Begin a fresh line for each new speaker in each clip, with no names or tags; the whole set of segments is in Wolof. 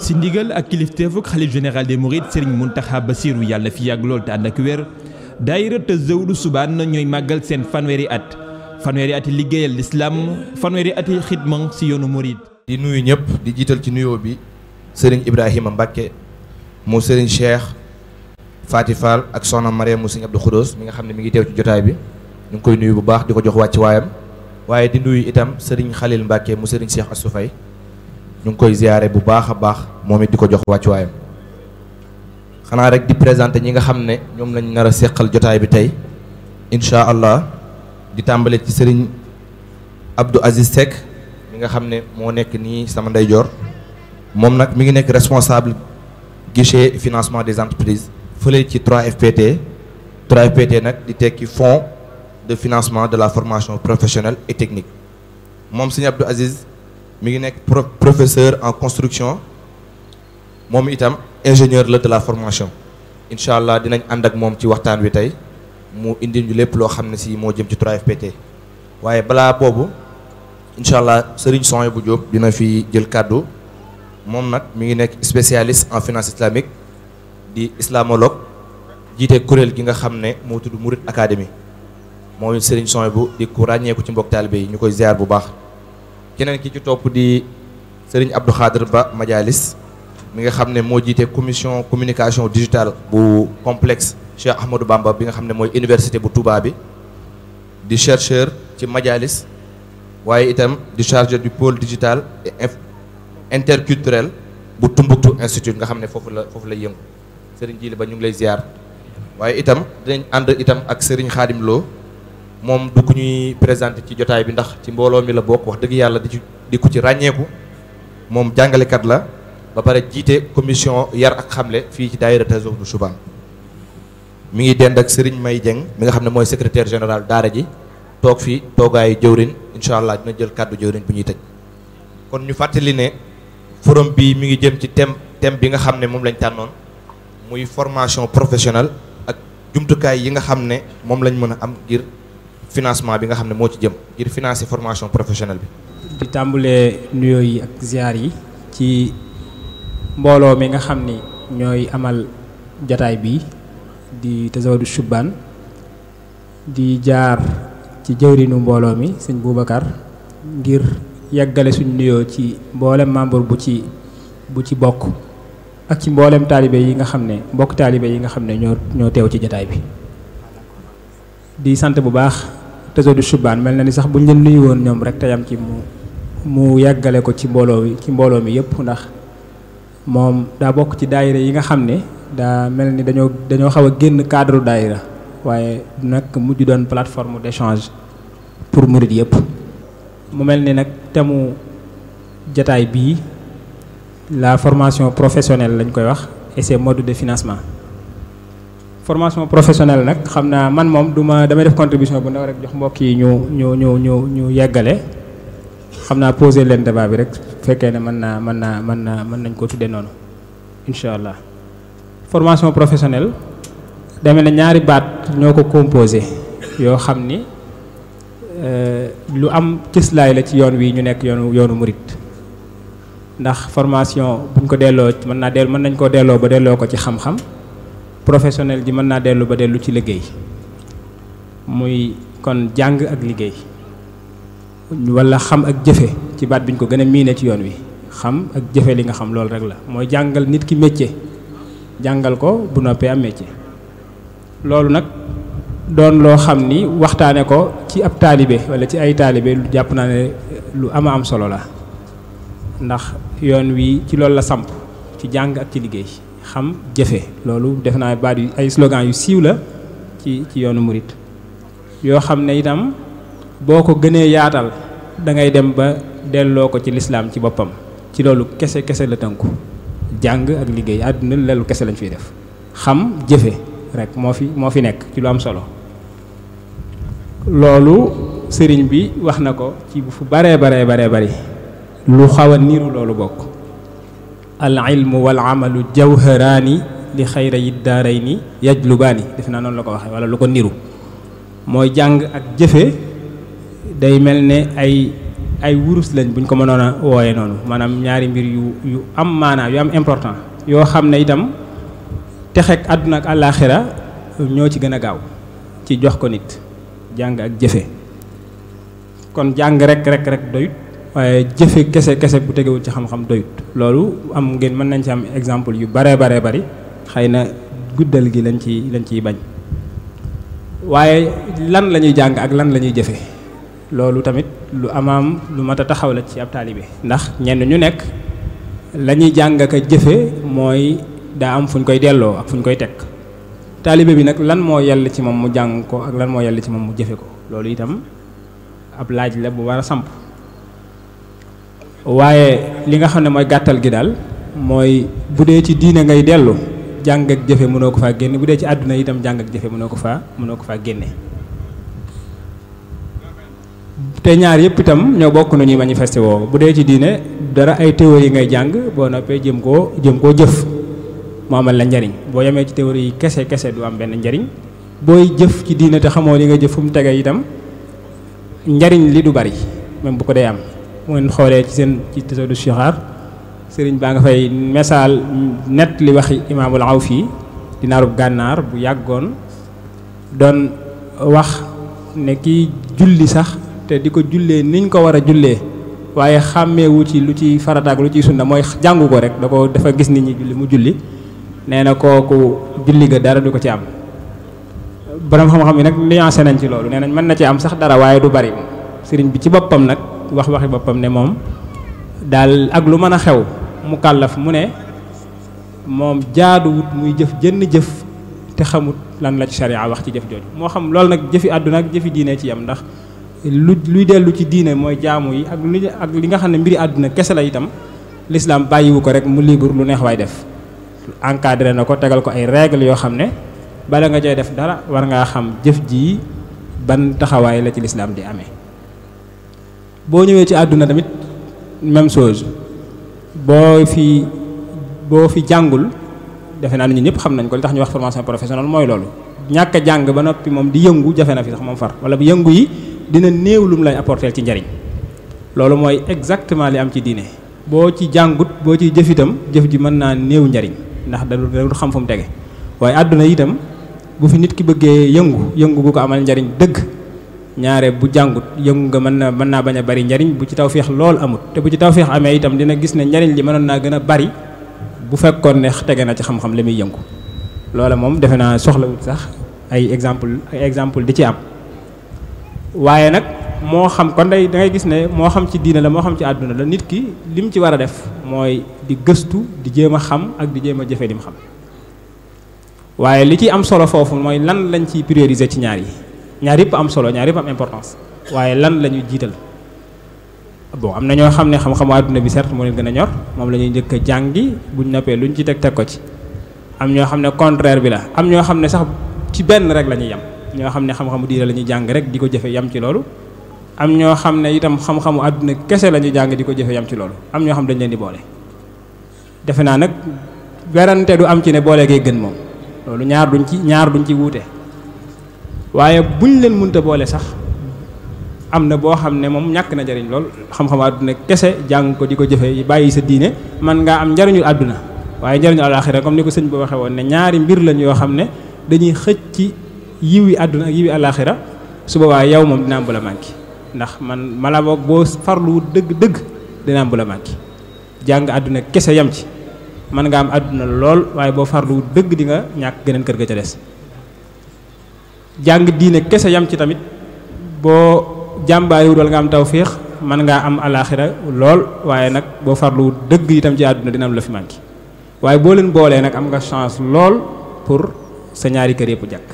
si ndigal ak kilifteefuk xalif général des mourides mun Mountakha Bassirou yàlla fi yàgg lool te ànd ak wér
daayira Tazawudu Subaan ñooy màggal seen fanweeri at fanweeri ati liggéeyal lislaam fanweeri ati xidma si yoonu murid di nuyu ñëpp di jiital ci nuyoo bi Serigne Ibrahima Mbacke mu Serigne Cheikh Faati Fall ak soxna Mariam mu Serigne Abdou Khoudous mi nga xam ne mi ngi teew ci jotaay bi ñu ngi koy nuyu bu baax di ko jox wàcc waayam waaye di nuyu itam sëriñ Xalil Mbàkke mu sëriñ Cheikh Assou Faye ñu ngi koy ziyaare bu baax a baax moom it di ko jox wàccuwaayam xanaa rek di présenté ñi nga xam ne ñoom lañ nar a seqal jotaay bi tey incha allah di tàmbale ci sëriñ abdu Aziz Seck mi nga xam ne moo nekk nii sama ndeyjoor moom nag mi ngi nekk responsable guichet financement des entreprises fële ci 3FPT 3FPT nag di tekki fonds de financement de la formation professionnelle et technique moom Serigne Abdou Aziz mi ngi nekk pro professeur en construction moom itam ingénieur la de la formation incha allah dinañ ànd ak moom ci waxtaan wi tey mu indi ñu lépp loo xam ne si moo jëm ci 3FPT waaye balaa boobu incha allah Serigne Sonia bu Diop dina fi jël kàddu moom nag mi ngi nekk spécialist en finance islamique di islamologue jiite kuréel gi nga xam ne moo tudd Mouride Academy moom it sëriñ son bu di ku ràññeeku ci mbokk taalibe yi ñu koy ziar bu baax keneen ki ci topp di sëriñ Abdou Khadr Ba Majalis mi nga xam ne moo jiite commission communication digitale bu complexe Cheikh Ahmadou bi nga xam ne mooy université bu Touba bi di chercheur ci Majalis waaye itam di chargé du pôle digital et interculturel bu Tumbuktu institute nga xam ne foofu la foofu la yëngu sëriñ Jili ba ñu ngi lay ziar waaye itam dinañ ànd itam ak sëriñ Xaadim moom du ku ñuy présenté ci jotaay bi ndax ci mbooloo mi la bokk wax dëgg yàlla di ci di ku ci ràññeeku moom jàngalekat la ba pare jiite commission yar ak xamle fii ci daayira Tazawudu Chubaan mi ngi dend ak Serigne May Dieng mi nga xam ne mooy secrétaire général daara ji toog fii toogaayu jëwrin incha allah dina jël kàddu jëwrin bu ñuy tëj kon ñu fàttali ne forom bii mi ngi jëm ci thème thème bi nga xam ne moom lañ tànnoon muy formation professionnelle ak jumtukaay yi nga xam ne moom lañ mën a am ngir. financement bi nga xam ne moo ci jëm ngir financer formation professionnelle bi. di tàmbulee nuyoo yi ak ziar yi ci
mbooloo mi nga xam ni ñooy amal jataay bi di Tazawudu Chubaan di jaar ci jëwriñu mbooloo mi sëñ Boubacar ngir yàggale suñu nuyoo ci mboolem membre bu ci bu ci bokk ak ci mboolem taalibe yi nga xam ne mbokk taalibe yi nga xam ne ñoo ñoo teew ci jataay bi di sant bu baax. Tazawudu Shubaan mel na ni sax bu ñu leen nuyu woon ñoom rek te yam ci mu mu yàggale ko ci mbooloo ci mbooloo mi yëpp ndax moom daa bokk ci daayira yi nga xam ne daa mel ni dañoo dañoo xaw a génn cadre daayira waaye nag mujj doon plateforme de change pour murid yëpp mu mel ni nag temu jataay bii la formation professionnelle lañ koy wax et ses modes de financement formation professionnelle nag xam naa man moom du ma damay def contribution bu ndaw rek jox mbokk yi ñu ñu ñu ñu ñu yeggale xam naa poser leen débat bi rek fekkee ne mën naa mën naa mën naa mën nañ ko tuddee noonu incha allah formation professionnelle deme na ñaari baat ñoo ko composé yoo xam ni euh, lu am cëslaay la ci yoon wi ñu nekk yoonu yoonu murit ndax formation buñ ko delloo mën naa dell mën nañ koo delloo ba delloo ko ci xam-xam professionnel ji mën naa dellu ba dellu ci liggéey muy kon jàng ak liggéey wala xam ak jëfe ci baat bi ñu ko gën a miine ci yoon wi xam ak jëfe li nga xam loolu rek la mooy jàngal nit ki métier jàngal ko bu noppee am métier loolu nag doon loo xam ni waxtaane ko ci ab taalibe wala ci ay taalibe lu jàpp naa ne lu ama am solo la ndax yoon wi ci loolu la samp ci jàng ak ci liggéey xam jëfe loolu def naa baat yu ay slogan yu siiw la ci ci yoonu murit yoo xam ne itam boo ko gënee yaatal dangay dem ba delloo ko ci lislaam ci boppam ci loolu kese kese la tënku jàng ak liggéey àdduna lelu kese lañ fiy def xam jëfe rek moo fi moo fi nekk ci lu am solo loolu sëriñ bi wax na ko ci fu baree baree baree bari lu xawa a niiru loolu bokk al ilmu wal amalu jawharaani li xayra yi daarayni yajlubaani def naa noonu la ko wala lu ko niru mooy jàng ak jëfe day mel ne ay ay wurus buñ ko mënoon a wooyee noonu maanaam ñaari mbir yu yu am maanaa yu am important yoo xam ne itam texeeg àdduna ak ñoo ci gën a gaaw ci jox ko nit jàng ak jëfe kon jàng rek rek doyut waaye jëfe kese kese bu tegewul ci xam-xam doyut loolu am ngeen mën nañ ci am exemple yu baree baree bari xëy na guddal gi lañ ci lañ ciy bañ waaye lan la ñuy jàng ak lan la ñuy jëfe loolu tamit lu amaam lu mat a taxaw la ci ab taalibe ndax ñenn ñu nekk la ñuy jàng ak a jëfe mooy daa am fu ñu koy delloo ak fu ñu koy teg taalibe bi nag lan moo yell ci moom mu jàng ko ak lan moo yell ci moom mu jëfe ko loolu itam ab laaj la bu war a samp waaye li nga xam ne mooy gàttal gi daal mooy bu dee ci diine ngay dellu jàng ak jëfe mënoo ko faa génne bu dee ci àdduna itam jàng ak jëfe ko faa mënoo ko faa génne te ñaar yëpp itam ñoo bokk nu ñuy manifesté woo bu dee ci diine dara ay théorie yi ngay jàng boo noppee jëm koo jëm koo jëf mu amal la njariñ boo yemee ci théorie yi kese kese du am benn njariñ booy jëf ci diine te xamoo li nga jëf fu mu tege itam njariñ li du bari même bu ko dee am bu ngeen xoolee ci seen ci tasawdu sixaar sëriñ baa nga fay misaal nett li waxi imaamul Awfi di naarub gànnaar bu yàggoon doon wax ne kii julli sax te di ko jullee niñ ko war a jullee waaye xàmmeewu ci lu ci farataak lu ciy sunna mooy jàngu ko rek da ko dafa gis nit ñi mu julli nee na kooku julli ga dara du ko ci am borom xam-xam yi nag nuancé nañ ci loolu nee mën na ci am sax dara waaye du bari sëriñ bi ci boppam nag wax waxi boppam ne moom daal ak lu mën a xew mu kàllaf mu ne moom jaaduwut muy jëf jënn jëf te xamut lan la ci sharia wax ci jëf jooju moo xam loolu nag jëfi àdduna ak jëfi diine ci yam ndax lu luy dellu ci diine mooy jaamu yi ak lu li nga xam ne mbiri àdduna kese la itam l'islam bàyyiwu ko rek mu libre lu neex waay def encadré na ko tegal ko ay règles yoo xam ne bala nga cay def dara war ngaa xam jëf ji ban taxawaay la ci lislaam di amee boo ñëwee ci àdduna tamit même sos boo fi boo fi jàngul defe naa ni ñu ñëpp xam nañ ko li tax ñu wax formation professionnelle mooy loolu ñàkk a jàng ba noppi moom di yëngu jafe na fi sax moom far wala bu yëngu yi dina néew lum lay apporter ci njariñ loolu mooy exactement li am ci diine boo ci jàngut boo ci jëf itam jëf ji mën naa néew njariñ ndax da dul xam fu mu tege waaye àdduna itam bu fi nit ki bëggee yëngu yëngu bu ko amal njariñ dëgg ñaare bu jàngut yëngu nga mën na mën naa bañ a bari njariñ bu ci tawféex lool amut te bu ci tawféex amee itam dina gis ne njariñ li mënoon naa gën a bari bu fekkoon ne tege na ci xam-xam li muy yëngu loola moom defe naa soxla wut sax ay exemple exemple di ci am waaye nag moo xam kon day da gis ne moo xam ci diina la moo xam ci àdduna la nit ki lim ci war a def mooy di gëstu di jéem a xam ak di jéem a jëfe lim xam waaye li ci am solo foofu mooy lan lañ ciy prioriser ci ñaar yi ñaar yëpp am solo ñaar yëpp am importance waaye lan la ñu jiital bon am na ñoo xam ne xam-xamu àdduna bi certes moo gën a ñor moom la ñuy njëkk a jàngi buñ noppee luñ ci teg teg ko ci am ñoo xam ne contraire bi la am ñoo xam ne sax ci benn rek la ñuy yem ñoo xam ne xam-xamu la ñuy jàng rek di ko jëfe yem ci loolu am ñoo xam ne itam xam àdduna kese la ñuy jàng di ko jëfe yem ci loolu am ñoo xam dañ leen di boole defe naa nag werante du am ci ne boole gay gën moom ñaar duñ ci ñaar duñ ci wuute waaye bu buñ leen mënta boole sax am na boo xam ne moom ñàkk na jariñ lool xam-xam àdduna kese jàng ko di ko jëfee bàyyi sa diine man ngaa am njariñu àdduna waaye njariñu àllaaxira comme ni ko sëñ bi waxee woon ne ñaari mbir lañ yoo xam ne dañuy xëcc ci yiwi àdduna ak yiwi àllaaxira su boobaa yow moom dina am bu la manqué ndax man mala boog boo farlu dëgg-dëgg dina am bu la manqué jàng àdduna kese yam ci mën nga am àdduna lool waaye boo farlu dëgg di nga ñàkk geneen kër ga ca des jàng diine kese yam ci tamit boo jàmbaariwul wala nga am tawféex mën ngaa am alaaxira lool waaye nag boo farlu dëgg itam ci àdduna dina am la fi manqué waaye boo leen boolee nag am nga chance lool pour sa ñaari kër yëpp jàkk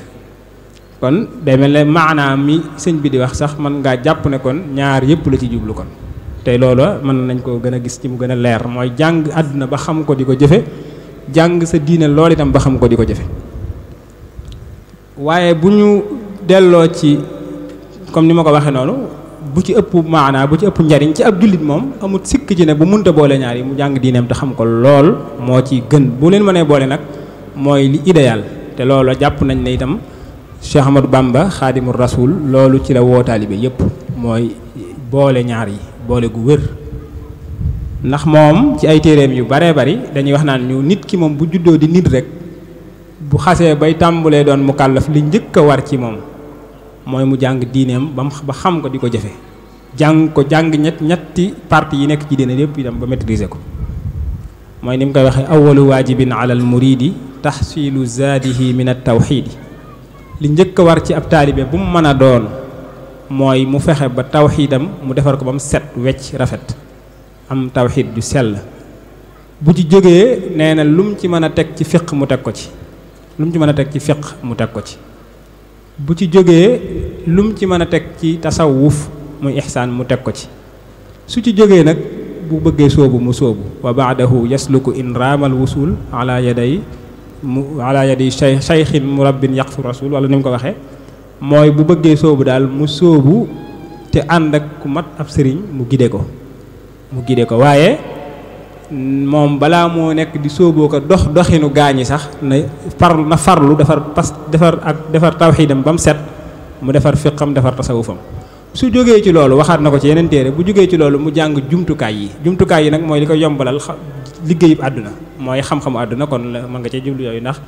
kon day mel ne maanaam mi sëñ bi di wax sax mën ngaa jàpp ne kon ñaar yëpp la ci jublu kon tey loola mën nañ ko gën a gis ci mu gën a leer mooy jàng àdduna ba xam ko di ko jëfe jàng sa diine lool itam ba xam ko di ko jëfe waaye bu ñu delloo ci comme ni ma ko waxee noonu bu ci ëpp maanaa bu ci ëpp njariñ ci ab jullit moom amut sikk ci ne bu munta boole ñaar yi mu jàng diineem te xam ko lool moo ci gën bu leen mënee boole nag mooy li idéal te loolu jàpp nañ ne itam Cheikh Ahmadou Bamba xaadimul rasul loolu ci la woo taalibe yépp mooy boole ñaar yi boole gu wér ndax moom ci ay téeréem yu bare bari dañuy wax naan ñu nit ki moom bu juddoo di nit rek bu xasee bay tàmbulee doon mu kàllaf li njëkk a war ci moom mooy mu jàng diineem ba xam ko di ko jafe jàng ko jàng ñett ñetti parti yi nekk ci diine yépp itam ba maîtriser ko mooy ni mu koy waxee awalu waajibin ala al muridi taxsilu zaadihi min at tawxiidi li njëkk a war ci ab taalibe bu mu mën a doon mooy mu fexe ba tawxiidam mu defar ko ba mu set wecc rafet am tawxiid ju sell bu ci jógee nee na lum ci mën a teg ci fiq mu teg ko ci lu mu ci mën a teg ci fiq mu teg ko ci bu ci jógee lu mu ci mën a teg ci tasawuf muy ixsaan mu teg ko ci su ci jógee nag bu bëggee soobu mu soobu wa baadahu yasluku in raamal wusul ala yaday mu ala yadi shaykhin murabbin yaqfu rasul wala ni mu ko waxee mooy bu bëggee soobu daal mu soobu te ànd ak ku mat ab sëriñ mu gide ko mu gide ko waaye moom balaa moo nekk di sooboo ko dox doxinu gaañi sax na farlu na farlu defar pas defar ak defar tawxiidam ba mu set mu defar fiqam defar tasawufam su jógee ci loolu waxaat na ko ci yeneen téere bu jógee ci loolu mu jàng jumtukaay yi jumtukaay yi nag mooy li ko yombalal liggéeyub àdduna mooy xam-xamu àdduna kon la mën nga cee jublu yooyu ndax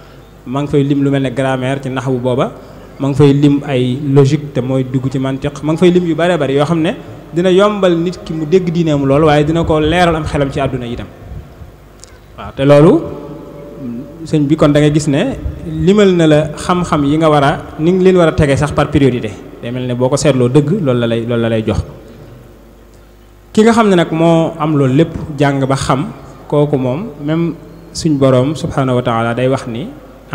maa ngi fay lim lu mel ne grammaire ci naxwu booba maa ngi fay lim ay logique te mooy dugg ci mantiq ma ngi fay lim yu bare bare yoo xam ne dina yombal nit ki mu dégg diineem lool waaye dina ko leeral am xelam ci àdduna itam waaw te loolu sëñ bi kon dangay gis ne limal na la xam-xam yi nga war a ni nga leen war a tege sax par priorité day mel ne boo ko seetloo dëgg loolu la lay loolu la lay jox ki nga xam ne nag moo am loolu lépp jàng ba xam kooku moom même suñ boroom subhaanahu wa taala day wax ni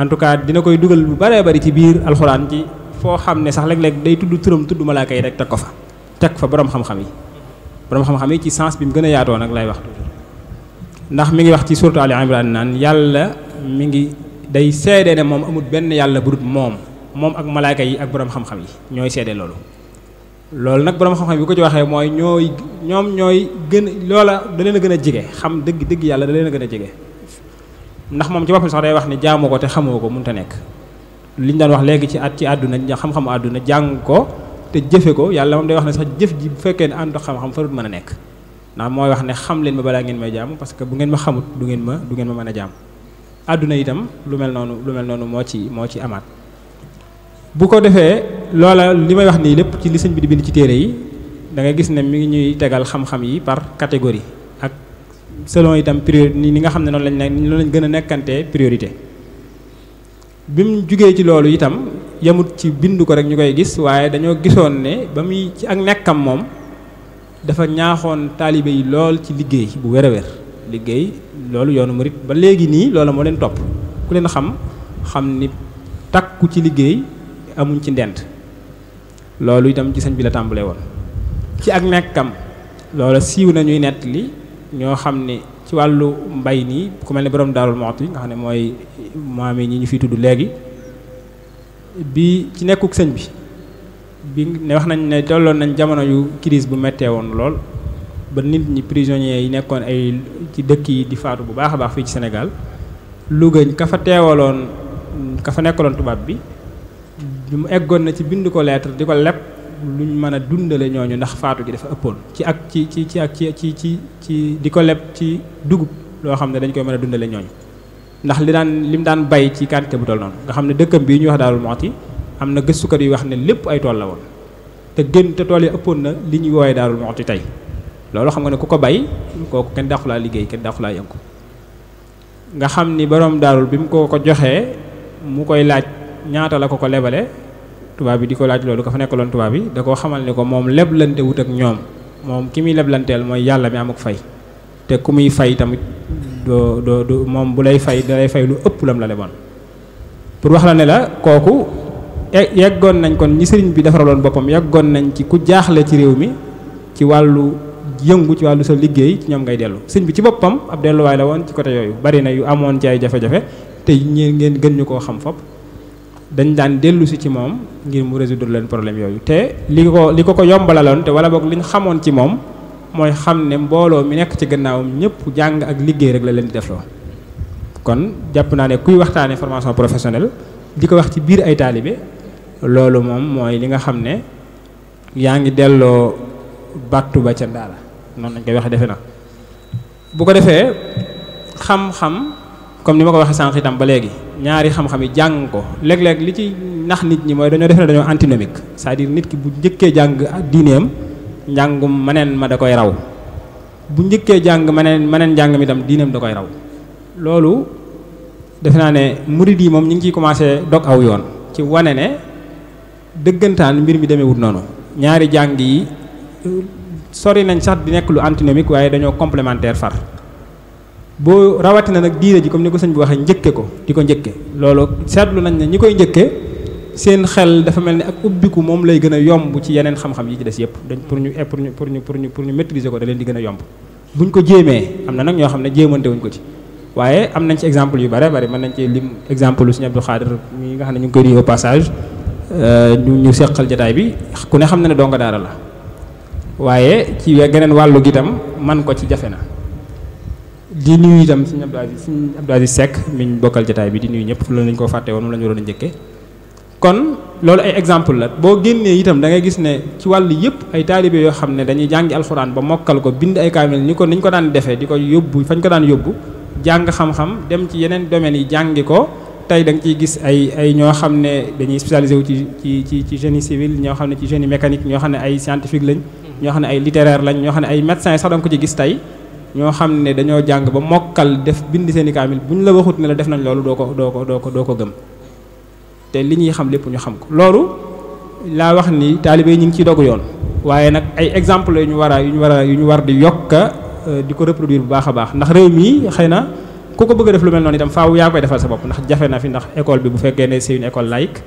en tout cas dina koy dugal bu baree bari ci biir alxuraan ci foo xam ne sax léeg-léeg day tudd turam tudd malaaka yi rek teg ko fa teg fa borom xam-xam yi borom xam-xam yi ci sens bi mu gën a yaatoo nag lay wax ndax mi ngi wax ci surtout Ali Imran naan yàlla mi ngi day seede ne moom amut benn yàlla bu moom moom ak malaayka yi ak borom xam-xam yi ñooy seede loolu. loolu nag borom xam-xam bi ko ci waxee mooy ñooy ñoom ñooy gën loola da leen gën a jige xam dëgg dëgg yàlla da leen a gën a jege ndax moom ci boppam sax day wax ne jaamoo ko te xamoo ko mënut a nekk liñ daan wax léegi ci at ci àdduna xam-xamu àdduna jàng ko. te jëfe ko yàlla moom day wax ne sax jëf ji bu fekkee ne ànd xam-xam du mën a nekk ndax mooy wax ne xam leen ma balaa ngeen may jàmm parce que bu ngeen ma xamut du ngeen ma du ngeen ma mën a jaam àdduna itam lu mel noonu lu mel noonu moo ci moo ci amaat bu ko defee loola li may wax nii lépp ci li sëñ bi di bind ci téere yi dangay gis ne mi ngi ñuy tegal xam-xam yi par catégorie ak selon itam priorité ni nga xam ne noonu lañ ne noonu lañ gën a nekkantee priorité bi mu ci loolu itam yemut ci bind ko rek ñu koy gis waaye dañoo gisoon ne ba muy ci ak nekkam moom dafa ñaaxoon taalibe yi lool ci liggéey bu wér a wér liggéey loolu yoonu murit ba léegi nii loola moo leen topp ku leen xam xam ni takku ci liggéey amuñ ci ndent loolu itam ci sëñ bi la tàmbalee woon ci ak nekkam loola siiw na ñuy nett li ñoo xam ne ci wàllu mbay nii ku mel ne borom daarul yi nga xam ne mooy maam yi ñi ñu fi tudd léegi bi ci nekkuk sëñ bi bi ne wax nañ ne tolloon nañ jamono yu crise bu mettee woon lool ba nit ñi prisonniers yi nekkoon ay ci dëkk yi di faatu bu baax a baax fii ci Sénégal Louga ka fa teewaloon ka fa nekkaloon tubaab bi mu eggoon na ci bind ko lettre di ko lepp luñ mën a dundale ñooñu ndax faatu gi dafa ëppoon ci ak ci ci ci ak ci ci ci ci di ko leb ci dugub loo xam ne dañ koy mën a dundale ñooñu ndax li daan li mu daan bay ci quantité bu toll noonu nga xam ne dëkkam bii ñuy wax Daaru Muxti am na gëstukat yi wax ne lépp ay tool la woon te génn te tool yi ëppoon na li ñuy woowee Daaru Muxti tey loolu xam nga ne ku ko bay kooku kenn dàqulaa liggéey kenn dàqulaa yëngu nga xam ni borom daarul bi mu ko ko joxee mu koy laaj ñaata la ko ko lebale tubaab bi di ko laaj loolu ka fa nekkaloon tubaab bi da koo xamal ne ko moom leblante wut ak ñoom moom ki muy leblanteel mooy yàlla mi am ak fay te ku muy fay tamit doo doo du moom bu lay fay da fay lu ëpp lam la leboon pour wax la ne la kooku e, yeggoon nañ kon ñi sëriñ bi defaraloon boppam yeggoon nañ ci ku jaaxle ci réew mi ci wàllu yëngu ci wàllu sa liggéey ci ñoom ngay dellu sëñ bi ci boppam ab delluwaay la woon ci côté yooyu bari na yu amoon ci ay jafe-jafe te ñeen ngeen gën ñu koo xam fopp dañ daan dellu si ci moom ngir mu résoudre leen problème yooyu te li ko li ko ko yombalaloon te wala boog liñ xamoon ci moom mooy xam ne mbooloo mi nekk ci gannaawam ñëpp jàng ak liggéey rek la leen di loo kon jàpp naa ne kuy waxtaanee formation professionnelle di ko wax ci biir ay taalibe loolu moom mooy li nga xam ne yaa ngi delloo battu ba ca daal noonu lañ koy waxee defe na bu ko defee xam-xam comme ni ma ko waxee sànq itam ba léegi ñaari xam-xam yi jàng ko léeg-léeg li ci nax nit ñi mooy dañoo defe ne dañoo antinomique cest à nit ki bu njëkkee jàng diineem njàngum maneen ma da koy raw bu njëkkee jàng maneen maneen njàng mi tam diinam da koy raw loolu defe naa ne murid yi moom ñu ngi ciy commencé dog aw yoon ci wane ne dëggantaan mbir mi demewut noonu ñaari jàng yi sori nañ sax di nekk lu antinomique waaye dañoo complementaire far boo rawati na nag diine ji comme ni ko sëñ bu waxee njëkke ko di ko njëkke loolu seetlu nañ ne ñi koy njëkke seen xel dafa mel ni ak ubbiku moom lay gën a yomb ci yeneen xam-xam yi ci des yëpp dañ pour ñu eh, pour ñu pour ñu pour ñu pour ñu maîtriser ko da leen di gën a yomb buñ ko jéemee am na nag ñoo xam ne jéemante wuñ ko ci waaye am nañ ci exemple yu bare bare mën nañ ci lim exemple Sëriñ Abdou Khadir mi nga xam ñu ngi euh, seqal jataay bi ku ne xam na ne donga daara la waaye ci geneen wàllu gi itam man ko ci jafe na di nuyu itam Sëriñ Abdou Aziz Sëriñ Abdou Aziz Seck mi ñu bokkal jataay bi di nuyu ñëpp loolu lañ fàtte woon la ñu njëkkee kon loolu ay exemple la boo génnee itam da ngay gis ne ci wàll yëpp ay taalibe yoo xam ne dañuy jàngi alxuraan ba mokkal ko bind ay kaamil ni ko ñu ko daan defee di ko yóbbu fañ ko daan yóbbu jàng xam dem ci yeneen domaines yi jàngi ko tey da nga ciy gis ay ay ñoo xam ne dañuy spécialisé wu ci ci ci ci génie civil ñoo xam ne ci génie mécanique ñoo xam ne ay scientifique lañ ñoo xam ne ay littéraire lañ ñoo xam ne ay médecins sax da nga ko ci gis tey ñoo xam ne dañoo jàng ba mokkal def bind seen i bu ñu la waxut ne la def nañ loolu doo ko doo ko doo ko doo ko gëm te li ñuy xam lépp ñu xam ko loolu laa wax ni taalibe yi ñu ngi ciy dogu yoon waaye nag ay exemple yu ñu war a yu ñu war a yu ñu war di yokka euh, di ko reproduire bu baax a baax ndax réew mii xëy na ku ko bëgg a def lu mel noonu itam faaw yaa koy defal sa bopp ndax jafe na fi ndax école bi bu fekkee ne c'est une école laïque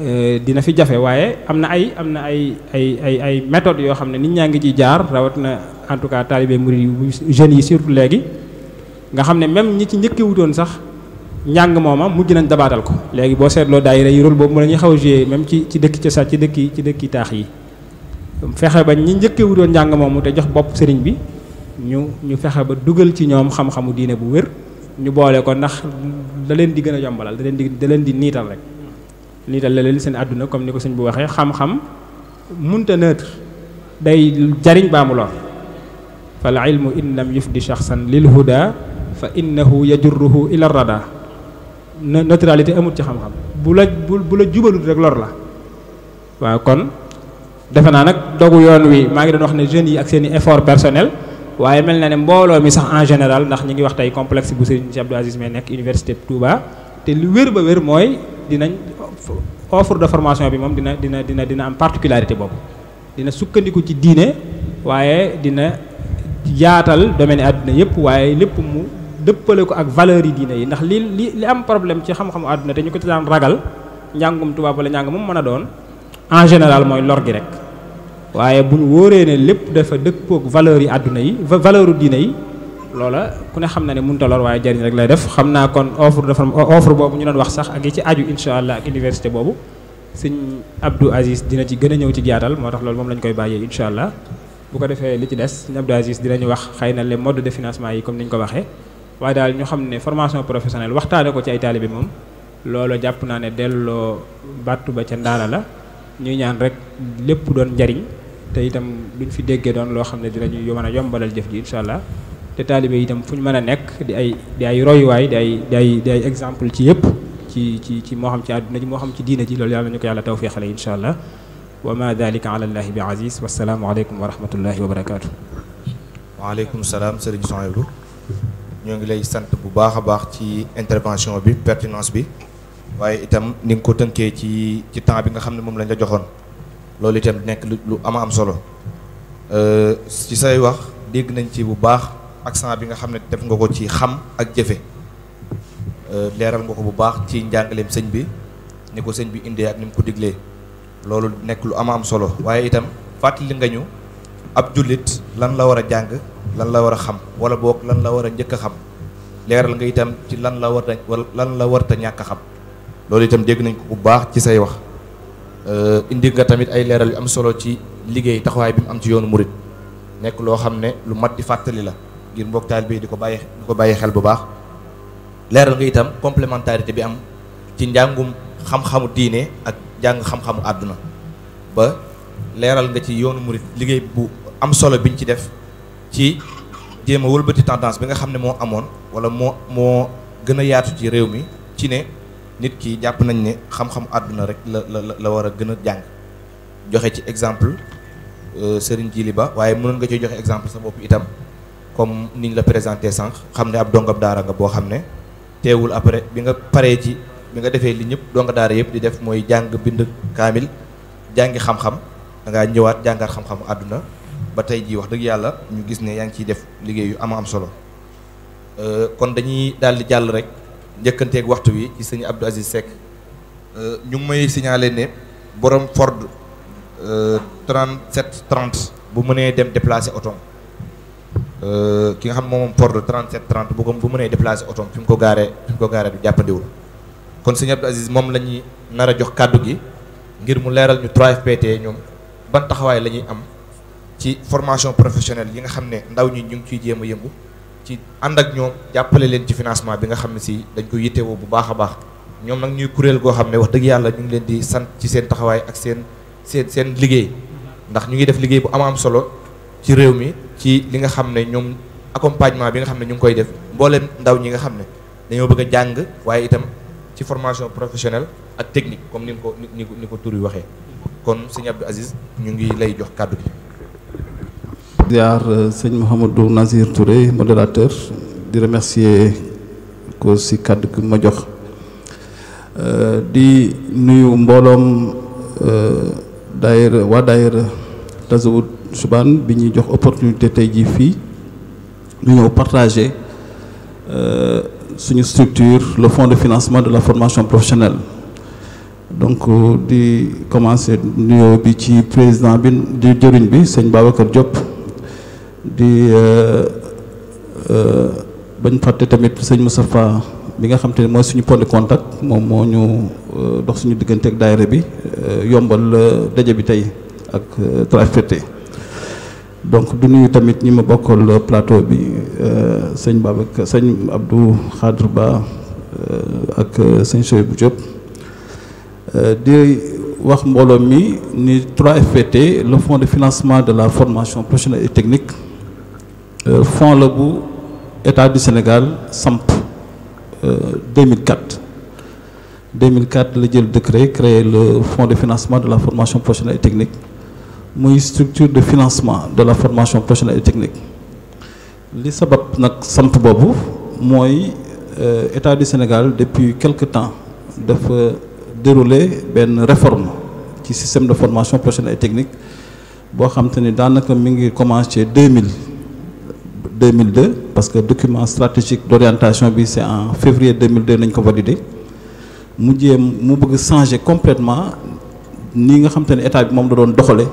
euh, dina fi jafe waaye am na ay am na ay ay ay ay méthodes yoo xam ne nit ñaa ngi ciy jaar rawat na en tout cas taalibe murid yi jeunes yi surtout léegi nga xam ne même ñi ci sax njàng mooma mujj nañ dabaatal ko léegi boo seetloo daayira yi rôle boobu mu la ñuy xaw a joué ci ci dëkk ca sax ci dëkk ci dëkki taax yi fexe ba ñi njëkkee wutoon njàng moomu te jox bopp sëriñ bi ñu ñu fexe ba dugal ci ñoom xam-xamu diine bu wér ñu boole ko ndax da leen di gën a yombalal da leen di da leen di niital rek niital la leen seen àdduna comme ni ko sëñ bu waxee xam-xam munta neutre day jariñ baa mu lor fal ilmu in lam yufdi shaxsan lil huda fa innahu yajurruhu ila rada neutralité amut ci xam-xam bu la bu la jubalut rek lor la waaw kon defe naa nag dogu yoon wi maa ngi doon wax ne jeunes yi ak seen i effort personnel waaye mel na ne mbooloo mi sax en général ndax ñu ngi wax tey complexe bu Serigne Abdou Aziz Mbaye nekk université Touba te lu wér ba wér mooy dinañ offre de formation bi moom dina dina dina dina am particularité boobu dina sukkandiku ci diine waaye dina yaatal domaine àddina yëpp waaye lépp mu dëppale ko ak valeur yi diine yi ndax li li am problème ci xam-xamu àdduna te ñu ko ci daan ragal njàngum tubaab wala njàng moom mën a doon en général mooy lor gi rek waaye bu ñu wóoree ne lépp dafa dëppook valeur yi àdduna yi valeur diine yi loola ku ne xam na ne mënut a lor waaye jariñ rek lay def xam naa kon offre dafa offre boobu ñu doon wax sax ak yi ci aju incha allah ak université boobu sëñ Abdou Aziz dina ci gën a ñëw ci jaatal moo tax loolu moom lañ koy bàyyee incha allah bu ko defee li ci des sëñ Abdou Aziz dinañu wax xëy na les modes de yi comme ni ko waxee. waaye daal ñu xam ne formation professionnelle waxtaane ko ci ay taalibe moom loolu jàpp naa ne delloo bàttu ba ca ndaana la ñuy ñaan rek lépp doon njariñ te itam duñ fi déggee doon loo xam ne dinañu man a yombalal jëf ji incha allah te taalibe itam fu ñu mën a nekk di ay ay royuwaay di ay di ay exemple ci yëpp ci ci ci moo xam ci àdduna ji moo xam ci diina ji loolu yàlla ñu ko yàlla tawféexale incha allah wa ma dalika ala llahi bi aziz wasalaamu aleykum wa rahmatullahi wa barakaatu.
waaleykum salaam Serigne Souhaïbou ñoo ngi lay sant bu baax a baax ci intervention bi pertinence bi waaye itam ni nga ko tënkee ci ci temps bi nga xam ne moom lañ la joxoon loolu itam nekk lu ama am solo euh, ci say wax dégg nañ ci bu baax accent bi nga xam ne def nga ko ci xam ak jëfe euh, leeral nga ko bu baax ci njàngaleem sëñ bi ni ko sëñ bi indee ak ni mu ko diglee loolu nekk lu ama am solo waaye itam fàttali nga ñu ab jullit lan la war a jàng lan la war a xam wala boog lan la war a njëkk a xam leeral nga itam ci lan la war wala lan la warta ñàkk a xam loolu itam dégg nañ ko bu baax ci say wax euh, indi nga tamit ay leeral yu am solo ci liggéey taxawaay bi mu am ci yoonu murit nekk loo xam ne lu mat di fàttali la ngir mbokk taal bi di ko bàyyi di ko bàyyi xel bu baax leeral nga itam complémentarité bi am ci njàngum xam-xamu diine ak jàng xam-xamu àdduna ba leeral nga ci yoonu murit liggéey bu am solo biñ ci def ci jéem a wëlbati tendance bi nga xam ne moo amoon wala moo moo gën a yaatu ci réew mi ci ne nit kii jàpp nañ ne xam-xam àdduna rek la la war a gën a jàng joxe ci exemple euh, Serigne Djily Ba waaye mënoon nga ci joxe exemple sa bopp itam comme niñ la présenté sànq xam ne ab dongab daara nga boo xam ne teewul après bi nga paree ci bi nga defee li ñëpp donga daara yëpp di def mooy jàng bind kaamil jàngi xam-xam da ngaa ñëwaat jàngaat xam-xam àdduna ba tey jii wax dëgg yàlla ñu gis ne yaa ngi ciy def liggéey yu am am solo euh, kon dañuy daal di jàll rek njëkkanteek waxtu wi ci sëñ Abdou Aziz Seck euh, ñu ngi may signalé ne borom Ford 37 euh, 30 bu mënee dem déplacé otom ki nga xam moom Ford 37 30 bu ko bu mënee déplacé otom fi mu ko gaaree fi ko gaaree bi jàppandiwul kon sëñ Abdou Aziz moom lañuy nara jox kàddu gi ngir mu leeral ñu 3FPT ñoom ban taxawaay la ñuy am. ci formation professionnelle yi nga xam ne ndaw ñi ñu ngi ciy jéem a yëngu ci ànd ak ñoom jàppale leen ci financement bi nga xam ne si dañ ko yittewoo bu baax a baax ñoom nag ñuy kuréel goo xam ne wax dëgg yàlla ñu ngi leen di sant ci seen taxawaay ak seen seen seen liggéey ndax ñu ngi def liggéey bu am am solo ci réew mi ci li nga xam ne ñoom accompagnement bi nga xam ne ñu ngi koy def mbooleem ndaw ñi nga xam ne dañoo bëgg a jàng waaye itam ci formation professionnel ak technique comme ni nga ko ni ko ni ko tur waxee kon sëñ Abdou Aziz ñu ngi lay jox kàddu gi
ziar euh, sëñ Mouhamadou Nazir Touré modérateur di remercier ko si kàddu gi ma jox euh, di nuyu mbooloom euh, daayira waa daayira Tazawud Choubane bi ñuy jox opportunité tey jii fii ñu ñëw partager suñu structure le fonds de financement de la formation professionnelle donc di commencer nuyoo bi ci président bi di jëriñ bi sëñ Babacar Diop. di euh, euh, bañ fàtte tamit sëñ Moustapha bi nga xam te ne mooy suñu point de contact moom moo ñu euh, dox suñu diggante ak daayira bi yombal daje bi tey ak trafic donc du nuyu tamit ñi ma bokkal plateau bi sëñ Babacar sëñ Abdou Khadr Ba ak sëñ Cheikh bu Diop di wax mbooloo mi ni 3FPT le fonds de financement de la formation professionnelle et technique Euh, fonds la bu état du Sénégal samp 2004 euh, 2004 la jël décret créer le fonds de financement de la formation professionnelle et technique muy structure de financement de la formation professionnelle et technique li sabab nag samp boobu mooy euh, état du Sénégal depuis quelque temps dafa dérouler benn réforme ci système de formation professionnelle technique boo xam te ni daanaka mi ngi commencé 2000. 2002 parce que document stratégique d'orientation bi c'est en février 2002 nañ ko validé mu jéem mu bëgg changé complètement ni nga xam ne état bi moom da doon doxale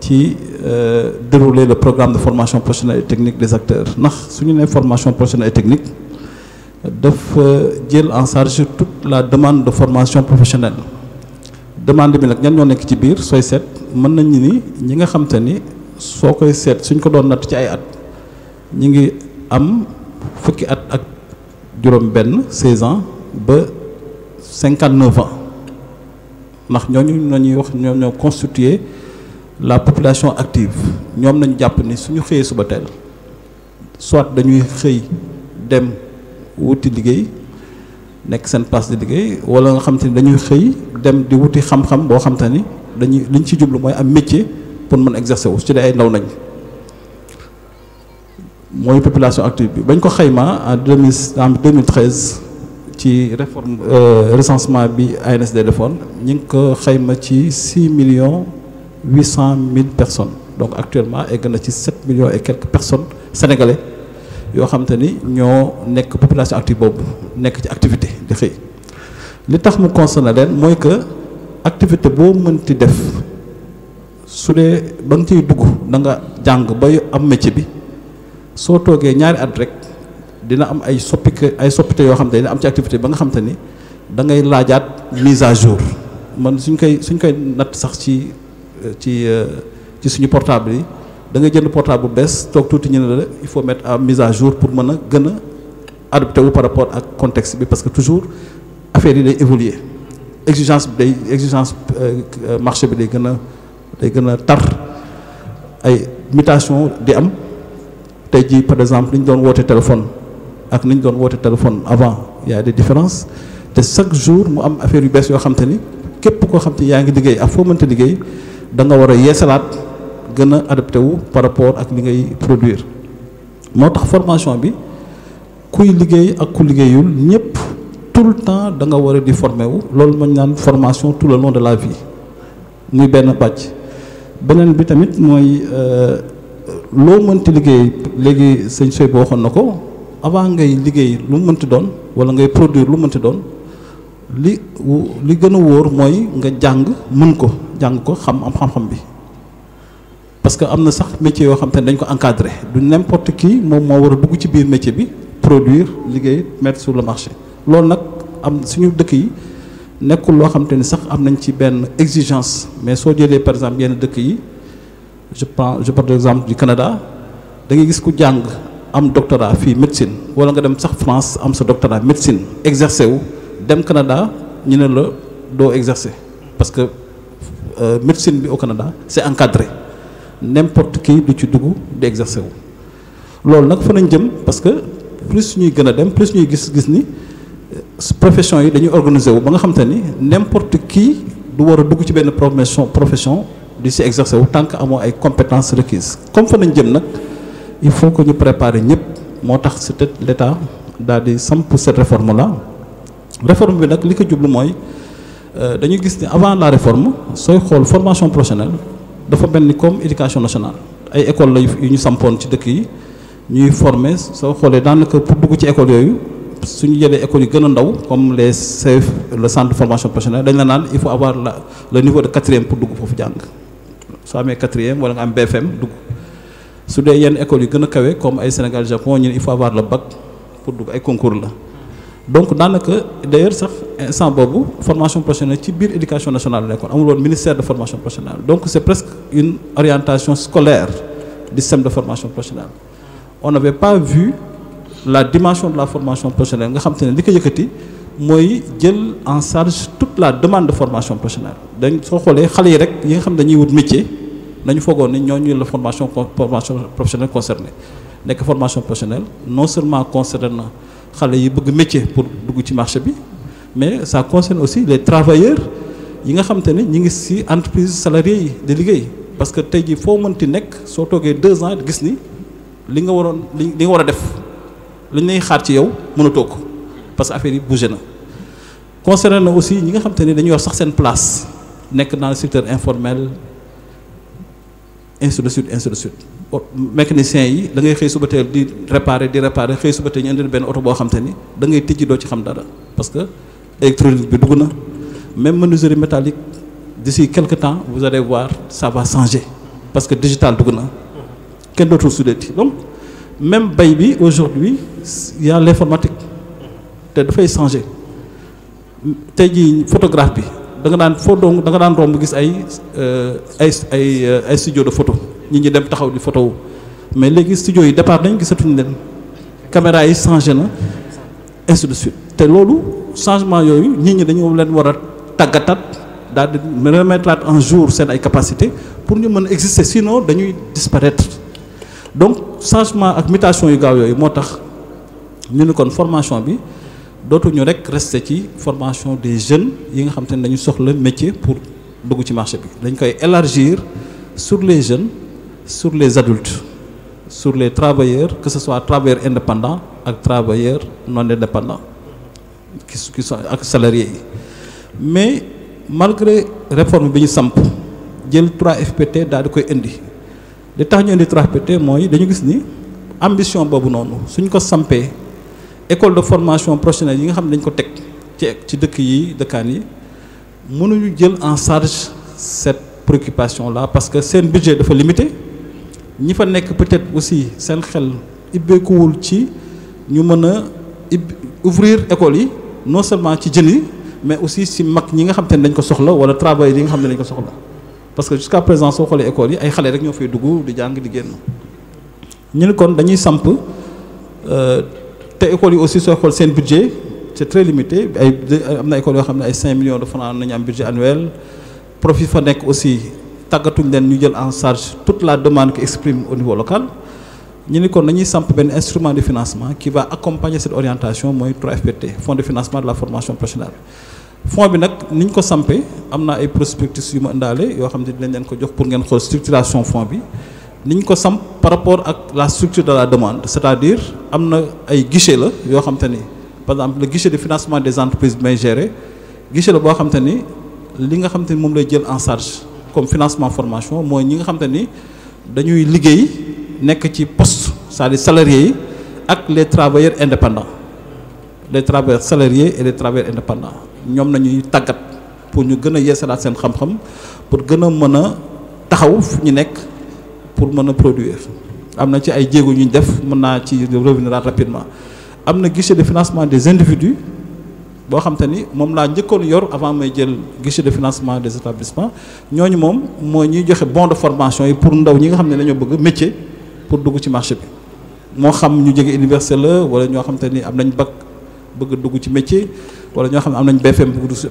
ci euh, dérouler le programme de formation professionnelle et technique des acteurs ndax su ñu nee formation professionnelle et technique dafa jël en charge toute la demande de formation professionnelle demande bi nag ñan ñoo nekk ci biir sooy seet mën nañu ni ñi nga xam ni soo koy seet suñ ko doon natt ci ay at ñi ngi am fukki at ak juróom benn 16 ans ba 59 ans ndax ñooñu nañuy wax ñoom ñoo constituer la population active ñoom nañu jàpp ni suñu xëyee suba teel soit dañuy xëy dem wuti liggéey nekk seen place di liggéey wala nga xam ni dañuy xëy dem di wuti xam-xam boo xam ni dañuy liñ ci jublu mooy am métier pour mën exercer wu su dee ay ndaw nañ mooy population active bi bañ ko xayma en deux mille en deux mille treize ci réforme euh, recensement bi de defoon ñu ngi ko xayma ci six millions huit cent mille personnes donc actuellement egg na ci sept millions et quelques personnes sénégalais yoo xam ni ñoo nekk population active boobu nekk ci activité di xëy li tax mu concerné leen mooy que activité boo mënti def su dee ba nga ciy dugg da nga jàng ba am métier bi. soo toogee ñaari at rek dina am ay soppike ay soppite yoo xam ne dina am ci activité ba nga xam te ni da ngay laajaat mise à jour man suñ koy suñ koy natt sax ci ci ci suñu portable yi da ngay jënd portable bu bees toog tuuti ñu ne la il faut mettre à mise à jour pour mën a gën a adapté wu par rapport ak contexte bi parce que toujours affaire yi day évoluer exigence bi day exigence euh, marché bi day gën a day gën a tar ay mutation di am tey jii par exemple ni ñu doon wootee téléphone ak ni ñu doon woote téléphone avant y a des différences te chaque jour mu am affaire yu bees yoo xam ni képp koo xam te yaa ngi liggéey ak foo mënta liggéey da nga war a yeesalaat gën a adapté wu par rapport ak li ngay produire moo tax formation bi kuy liggéey ak ku liggéeyul ñëpp tout le temps da nga war a di formé wu loolu mañ naan formation tout le long de la vie muy benn pàcc beneen bi tamit mooy euh, loo mënti liggéey léegi sëñ Soy boo waxoon na ko avant ngay liggéey lu mënti doon wala ngay produire lu mënti doon li li gën a wóor mooy nga jàng mën ko jàng ko xam am xam-xam bi parce que am na sax métier yoo xam te dañ ko encadré du n'importe kii moom moo war a dugg ci biir métier bi produire liggéey mettre sur le marché loolu nag am suñu dëkk yi nekkul loo xam ni sax am nañ ci benn exigence mais soo jëlee par exemple yenn dëkk yi je pense je prends l'exemple du Canada da ngay gis ku jàng am doctorat fii médecine wala nga dem sax France am sa doctorat médecine exercer wu dem Canada ñu ne la doo exercer parce que euh, médecine bi au Canada c'est encadré n'importe qui du ci dugg di exercer wu. loolu nag fa nañ jëm parce que plus ñuy gën a dem plus ñuy gis gis ni euh, profession yi dañuy organiser wu ba nga xam ni n'importe qui du war a dugg ci benn profession profession. di si exercer wu tant que amoo ay compétence requises comme fa nañ jëm nag il faut que ñu préparer ñëpp moo tax si tête l' état daal di samp cette réforme là réforme bi nag li ko jublu mooy euh, dañu gis ni avant la réforme sooy xool formation professionnelle dafa mel ni comme éducation nationale ay école la yu ñu sampoon ci dëkk yi ñuy former soo xoolee daanaka pour dugg ci école yooyu suñu jëlee écoles yu gën a ndaw comme les CEF le centre de formation professionnelle dañ pour dugg foofu jàng soo amee quatrième wala nga am BFM dugg su dee yenn écoles yu gën a kawe comme ay Sénégal Japon ñu ne il faut avoir le pour dugg ay concours la donc daanaka d'ailleurs sax instant boobu formation professionnelle ci biir éducation nationale la nekkoon amul woon ministère de formation professionnelle donc c'est presque une orientation scolaire du système de formation professionnelle on n'avait pas vu la dimension de la formation professionnelle nga xam te ne li ko yëkkati mooy jël en charge toute la demande formation professionnelle dañ soo xoolee rek yi nga nañu foogoon ni ñooñu la formation formation professionnelle concernée nekk formation professionnelle non seulement concerne na xale yi bëgg métier pour dugg ci marché bi mais ça concerne aussi les travailleurs yi nga xam ne ñi ngi si entreprise salariés yi liggéey parce que tey jii foo mënti nekk soo toogee deux ans gis ni li nga waroon li li nga war a def li ñuy xaar ci yow mënatoo ko parce que affaire yi bougé na concerné na aussi ñi nga xam te ne dañuy wax sax seen place nekk dans le secteur informel ainsi de suite ainsi de suite mécanicien yi da ngay xëy suba teel di réparer di réparer xëy suba teel ñu indi benn oto boo xam te ni da ngay tijji doo ci xam dara parce que électronique bi dugg na même menuiserie métallique d'ici quelque temps vous allez voir ça changer parce digital dugg na kenn dootul sudeeti donc même bay bi aujourd'hui il a l'informatique te dafay changer tey jii photographe bi da nga daan foo dong da daan romb gis ay euh, ay ay euh, ay studio de photo ñi ñi dem taxaw di photo wu mais léegi studio yi départ nañ gisatuñ leen caméra yi changé na ainsi suite te loolu changement yooyu nit ñi dañu leen war a tàggatat daal di remettre en jour seen ay capacité pour ñu mën a exister sinon dañuy disparaître donc changement ak mutation yu gaaw yooyu moo tax ñu ne kon formation bi dootuñu rek rester ci formation des jeunes yi nga xam te ne soxla métier pour dugg ci marché bi dañ koy élargir sur les jeunes sur les adultes sur les travailleurs que ce soit travailleurs indépendants ak travailleurs non indépendants qui qui ak salariés yi mais malgré réforme bi ñu samp jël 3FPT daal di koy indi li tax ñu indi 3FPT mooy dañu gis ni ambition boobu noonu suñ ko sampee. école de formation professionnelle yi nga xam ne dañ ko teg ci ci dëkk yi dëkkaan yi mënuñu jël en charge cette préoccupation la parce que seen budget dafa limité ñi fa nekk peut-être aussi seen xel ibbeekuwul ci ñu mën a ouvrir école yi non seulement ci jën yi mais aussi si mag ñi nga xam te ne dañ ko soxla wala travail yi nga xam ne dañ ko soxla parce que jusqu'à présent soo xoolee école yi ay xale rek ñoo fay dugg di jàng di génn ñu ne kon samp euh, te écoles yi aussi soo xool seen budget c'est très limité ay am na écoles yoo xam ne ay 5 millions de francs nañu am budget annuel profit fa nekk aussi tàggatuñ leen ñu jël en charge toute la demande qui exprime au niveau local ñu ni kon nañuy samp benn instrument de financement qui va accompagner cette orientation mooy 3FPT fonds de financement de la formation professionnelle fonds bi nag ni ko sampe am naa ay prospectus yu ma indaale yoo xam ne dinañ leen ko jox pour ngeen xool structuration fonds bi niñ ko samp par rapport ak la structure de la demande c'est-à-dire am na ay guichet la yoo xam te ni par exemple le guichet de financement des entreprises bien gérées guichet la boo xam ni li nga xam te ni moom lay jël en charge comme financement formation mooy ñi nga xam ni dañuy liggéey nekk ci poste c'est-à-dire salariés yi ak les travailleurs indépendants les travailleurs salariés et les travailleurs indépendants ñoom nañuy tàggat pour ñu gën a yeesalaat seen xam pour gën a mën a taxaw ñu nekk pour mën a produire am na ci ay jéego ñu def mën naa ci revenir rapidement am na guichet de financement des individus boo xam te ni moom laa njëkkoon yor avant may jël guichet de financement des établissements ñooñu moom mooy ñuy joxe bon de formation yi pour ndaw ñi nga xam ne dañoo bëgg métier pour dugg ci marché bi moo xam ñu jóge université la wala ñoo xam te ni am nañ bac bëgg dugg ci métier wala ñoo xam ne am nañ BFM bëgg dugg si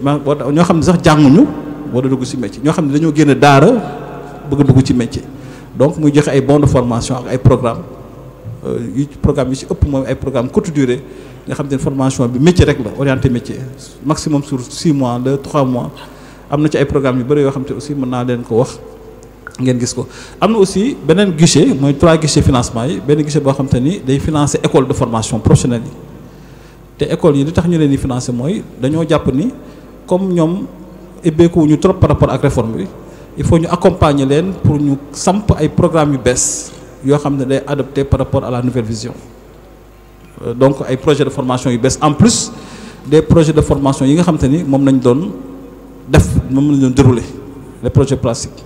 ñoo xam ne sax jànguñu wala dugg si métier ñoo xam ne dañoo génn daara bëgg dugg ci métier. donc muy joxe ay bons de formation ak ay programme euh, yu programme yu ci ëpp moom ay programme courte durée nga xam te ne formation bi métier rek la orienté métier maximum sur 6 mois de 3 mois am na ci ay programme yu bëri yoo xam te aussi mën naa leen ko wax ngeen gis ko am na aussi beneen guichet mooy trois guichet financement yi benn guichet boo xam te ni day financer école de formation professionnelle yi te école yi li tax ñu leen di financer mooy dañoo jàpp ni comme ñoom ubbeekuwuñu trop rapport ak réforme bi il faut ñu accompagner leen pour ñu samp ay programmes yu bees yoo xam ne day adopté par rapport à la nouvelle vision euh, donc ay projets de formation yu bees en plus des projet de formation yi nga xam te ni moom nañu doon def moom lañ doon dérouler les projets plastiques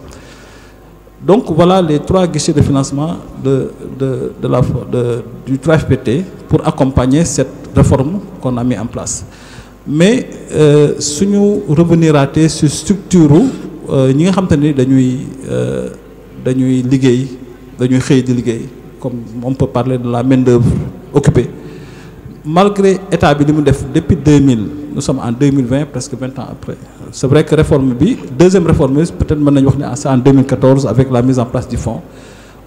donc voilà les trois guichets de financement de de de la de du fpt pour accompagner cette réforme qu'on a mi en place mais euh, suñu reveniraatee sur structure Euh, ñi nga xam te ni dañuy euh, dañuy liggéey dañuy xëy di liggéey comme on peut parler de la main d'œuvre occupée malgré état bi li mu def depuis 2000 nous sommes en 2020 presque 20 ans après c'est vrai que réforme bi deuxième réforme bi peut-être mën nañu wax ne c'est en 2014 avec la mise en place du fonds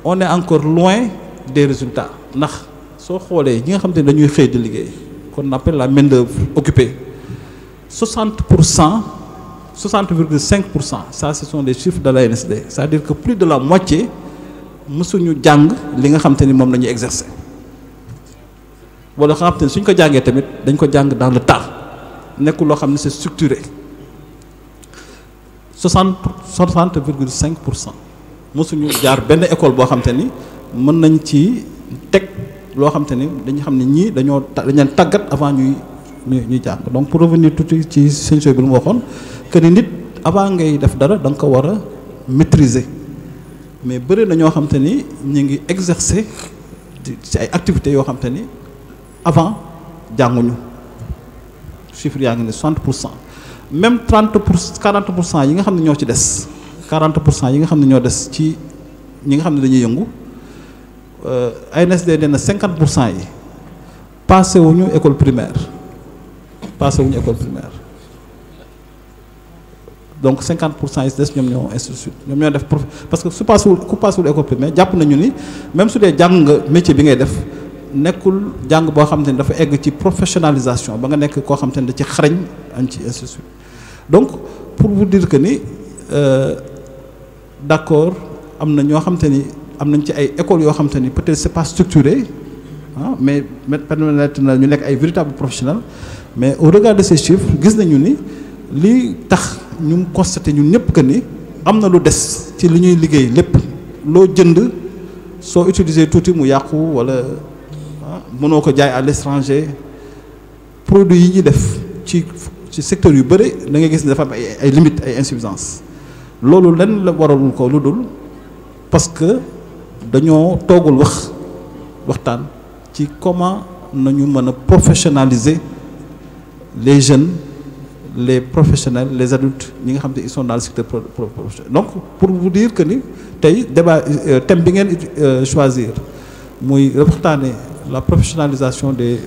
on est encore loin des résultats ndax soo xoolee ñi nga xam te ne dañuy xëy di liggéey kon appelle la main d'œuvre occupée 60 60 virgule cinq pour cent ça ce sont des chiffres de l'ANSD c'est-à-dire que plus de la moitié mësuñu jàng li nga xam te ni moom la ñuy exercer wala xam te ni suñ ko jàngee tamit dañ ko jàng daal le tas nekkul loo xam ne c'est structuré 60 60 virgule pour cent mësuñu jaar benn école boo xam te ni mën nañ ci teg loo xam te ni dañu xam ne ñii dañoo dañ tàggat avant ñuy ñuy jàng donc pour revenir tuuti ci sëñ bi lu mu waxoon. que ni nit avant ngay def dara da nga ko war a maîtriser mais bëri na ñoo xam te ni ñu ngi exercer ci ay activités yoo xam te ni avant jànguñu chiffre yaa ngi ne 60 pour cent même 30 pour 40 pour cent yi nga xam ne ñoo ci des 40 pour cent yi nga xam ne ñoo des ci ñi nga xam ne dañuy yëngu euh, ANSD nee na 50 pour cent yi passé wuñu école primaire passé wuñu école primaire. donc 50 pour cent yi des ñoom ñoo institut ñoom ñoo def prof parce que su paasuwul ku paasuwul école primaire jàpp nañu ni même su dee jàng nga métier bi ngay def nekkul jàng boo xam te ni dafa egg ci professionnalisation ba nga nekk koo xam te ni da ci xarañ am donc pour vous dire que ni euh, d'accord am na ñoo xam te ni am nañu ci ay écoles yoo xam te ni peut-être c'est pas structuré ah mais permettre na ñu nekk ay véritables professionnels mais au regard de ces gis nañu ni lii tax. ñu ngi constaté ñun ñëpp que ni am na lu des ci li ñuy liggéey lépp loo jënd soo utiliser tuuti mu yàqu wala ah, mënoo ko jaay à l'étranger produits yi ñuy def ci ci secteur yu bëri da nga gis ne dafa am ay ay limites ay insuffisance loolu lenn la waralul ko lu dul parce que dañoo toogul wax waxtaan ci comment nañu mën a professionnaliser les jeunes les professionnels les adultes ñi nga xam te ils sont dans le secteur professionnel donc pour vu dire que ni tey débat euh, thème bi ngeen euh, choisir muy waxtaane la professionnalisation des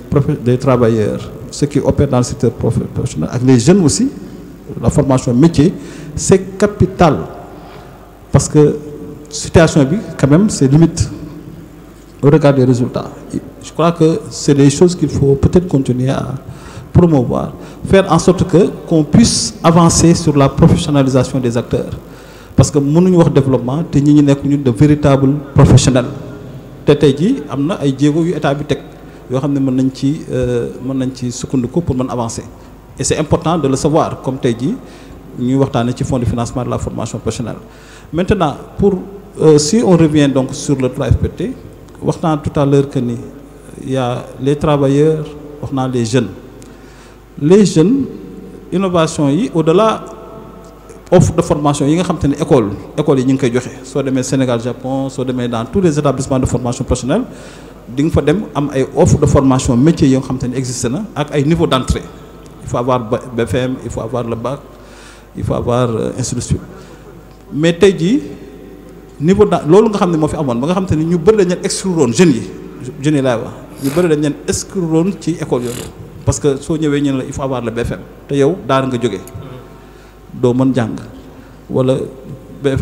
des travailleurs ceux qui opèrent dans le secteur professionnel ak les jeunes aussi la formation métier c'est capital parce que situation bi quand même c'est limite au regard des résultats je crois que c'est des choses qu'il faut peut-être continuer à promouvoir, faire en sorte que qu'on puisse avancer sur la professionnalisation des acteurs parce que mënuñu wax développement te ñi ñu nekk ñu de véritables professionnels te tey jii am na ay jéego yu état bi teg yoo xam ne mën nañ ci euh, mën nañ ci sukkandiku pour mën avancer et c'est important de le savoir comme tey jii ñuy waxtaanee ci fonds de financement de la formation professionnelle maintenant pour euh, si on revient donc sur le 3FPT waxtaan naa tout à l'heure que ni il les travailleurs wax naa les jeunes les jeunes innovation yi au-delà offre de formation yi nga xam ne école école yi ñu ngi koy joxe soo demee Sénégal Japon soo demee dans tous les établissements de formation professionnelle di nga fa dem am ay offre de formation métier yoo xam te ne existe na ak ay niveau d'entrée il faut avoir BFM il faut avoir le bac il faut avoir euh, ainsi suite mais tey jii niveau da loolu nga xam ne moo fi amoon ba nga xam te ñu bëri dañ leen exclure woon yi jeunes yi laay ñu bëri dañ leen exclure woon ci école yooyu parce que soo ñëwee ñu ne la il faut avoir le BFM te yow daara nga jógee doo mën jàng wala euh,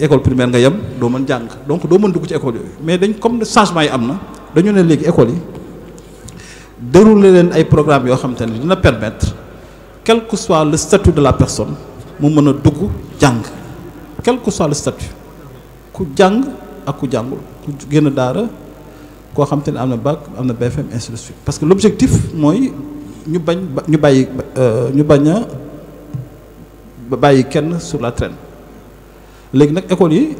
école primaire nga yem doo mën jàng donc doo mën dugg ci école mais dañ comme changement yi am na dañu ne léegi école yi dérouler leen ay programme yoo xam te ne dina permettre quel que soit le statut de la personne mu mën a dugg jàng quel que soit le statut ku jàng ak ku jàngul ku génn daara koo xam te ne am na bac am na BFM ainsi de suite parce que l' objectif mooy ñu bañ ba ñu bàyyi euh, ñu bañ a bàyyi kenn sur la traîne léegi nag écoles yi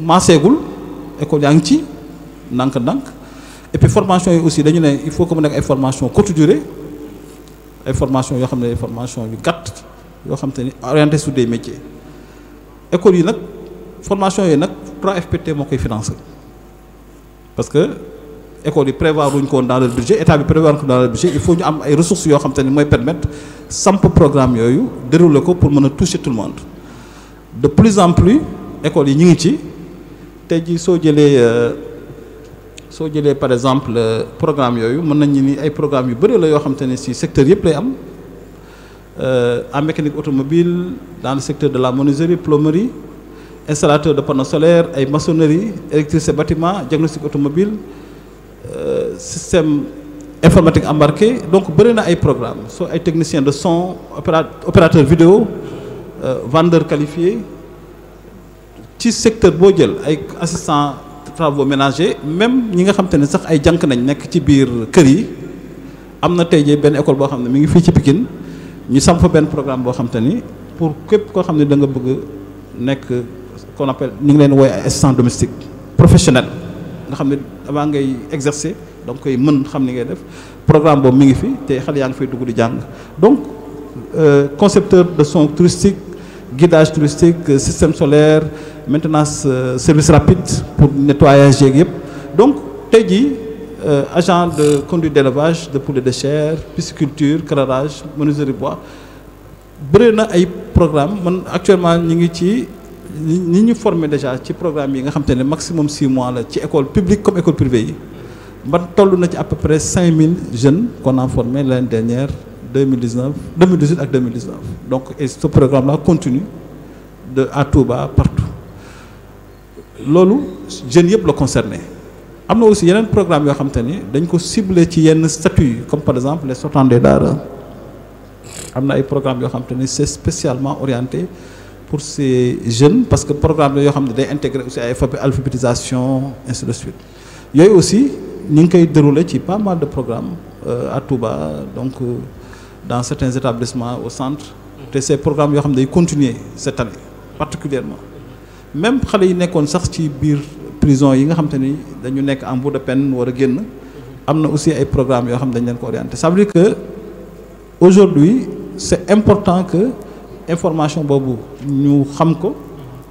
maaseegul école yaa ngi ci ndànk-ndànk et formation yi aussi dañu ne il faut que mu nekk ay formation courte durée ay formation yoo xam ne formation yu gàtt yoo xam te ni orienté sur des métiers écoles yi nag formation yooyu nag 3FPT moo koy financé parce école yi prévoir wuñ ko woon dans le budget état bi prévoir ko dans le budget il faut ñu am ay ressources yoo xam te ne mooy permettre samp programme yooyu dérouler ko pour mën a toucher tout le monde de plus en plus écoles yi ñu ngi ci tey jii soo jëlee euh, soo jëlee par exemple euh, programme yooyu mën nañu ni ay programme yu bëri la yoo xam te ne si secteur yëpp lay am euh, en mécanique automobile dans le secteur de la menuiserie plomberie installateur de panneaux solaires ay maçonnerie électricité bâtiment diagnostic automobile Euh, système informatique embarqué donc bëri na ay programme soo ay technicien de son opérateur vidéo euh, vendeur qualifié ci secteur boo jël ay assistant travaux ménagers même ñi nga xam te ne sax ay jànk nañ nekk ci biir kër yi am na tey jii benn école boo xam ne mi ngi fii ci Pikine ñu sam fa benn programme boo xam te ni pour képp koo xam ne da nga bëgg nekk qu'on ñu ngi leen wooy ay assistant domestique professionnel nga xam ne avant ngay exercer da koy mën xam ni ngay def programme boobu mu ngi fi te xale yaa ngi fay dugg di jàng donc euh, concepteur de son touristique guidage touristique euh, système solaire maintenance euh, service rapide pour nettoyage yeeg yëpp donc tey ji euh, agent de conduite d'élevage de pour de chair pisciculture carrelage menuiserie bois bëri ay programme man actuellement ñi ngi ci ñi ñu forme déjà ci programme yi nga xam te ne maximum 6 mois la ci école publique comme école privée yi ba toll na ci à peu cinq mille jeunes kon a formé l'année dernière 2019 2018 ak 2019 donc et ce programme là continue de à Touba partout loolu jeunes yëpp la concerné am na aussi yeneen programme yoo xam te ni dañ ko ciblé ci yenn statut yi comme par exemple les sortants des am na ay programmes yoo xam te ni c'est spécialement orienté pour ces jeunes parce que programme la yoo xam ne day intégrer aussi ay alphabétisation ainsi de suite yooyu aussi ñu ngi koy dérouler ci pas mal de programmes euh, à donc euh, dans certains établissements au centre te ces programmes yoo xam ne day continuer cette année particulièrement même xale yi nekkoon sax ci biir prison yi nga xam te ni dañu nekk en bout de peine war a génn am na aussi ay programmes yoo xam ne dañ leen ko orienté ça veut dire que aujourd'hui important que information boobu ñu xam ko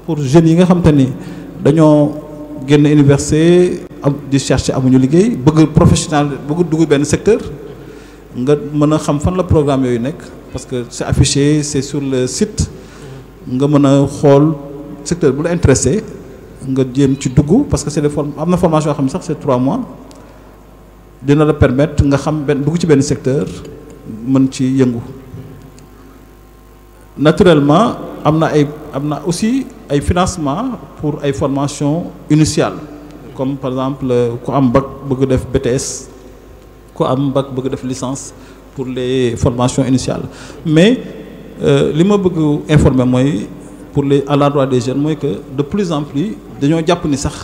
pour jeunes yi nga xam te ni dañoo génn université am di chercher amuñu liggéey bëgg professionnel bëgg dugg benn secteur nga mën a xam fan la programme yooyu nekk parce que c'est affiché c'est sur le site nga mën a xool secteur bu la intéressé nga jéem ci dugg parce que c'est des formes am na formation yoo xam ne sax c'est trois mois dina la permettre nga xam benn dugg ci benn secteur mën ci yëngu naturellement am na ay am na aussi ay financement pour ay formation initiale comme par exemple euh, ku am bac bëgg def BTS ku am bag bëgg def licence pour les formation initiales mais euh, li ma bëgg informer mooy pour les à l'endroit des jeunes mooy que de plus en plus dañoo jàpp ni sax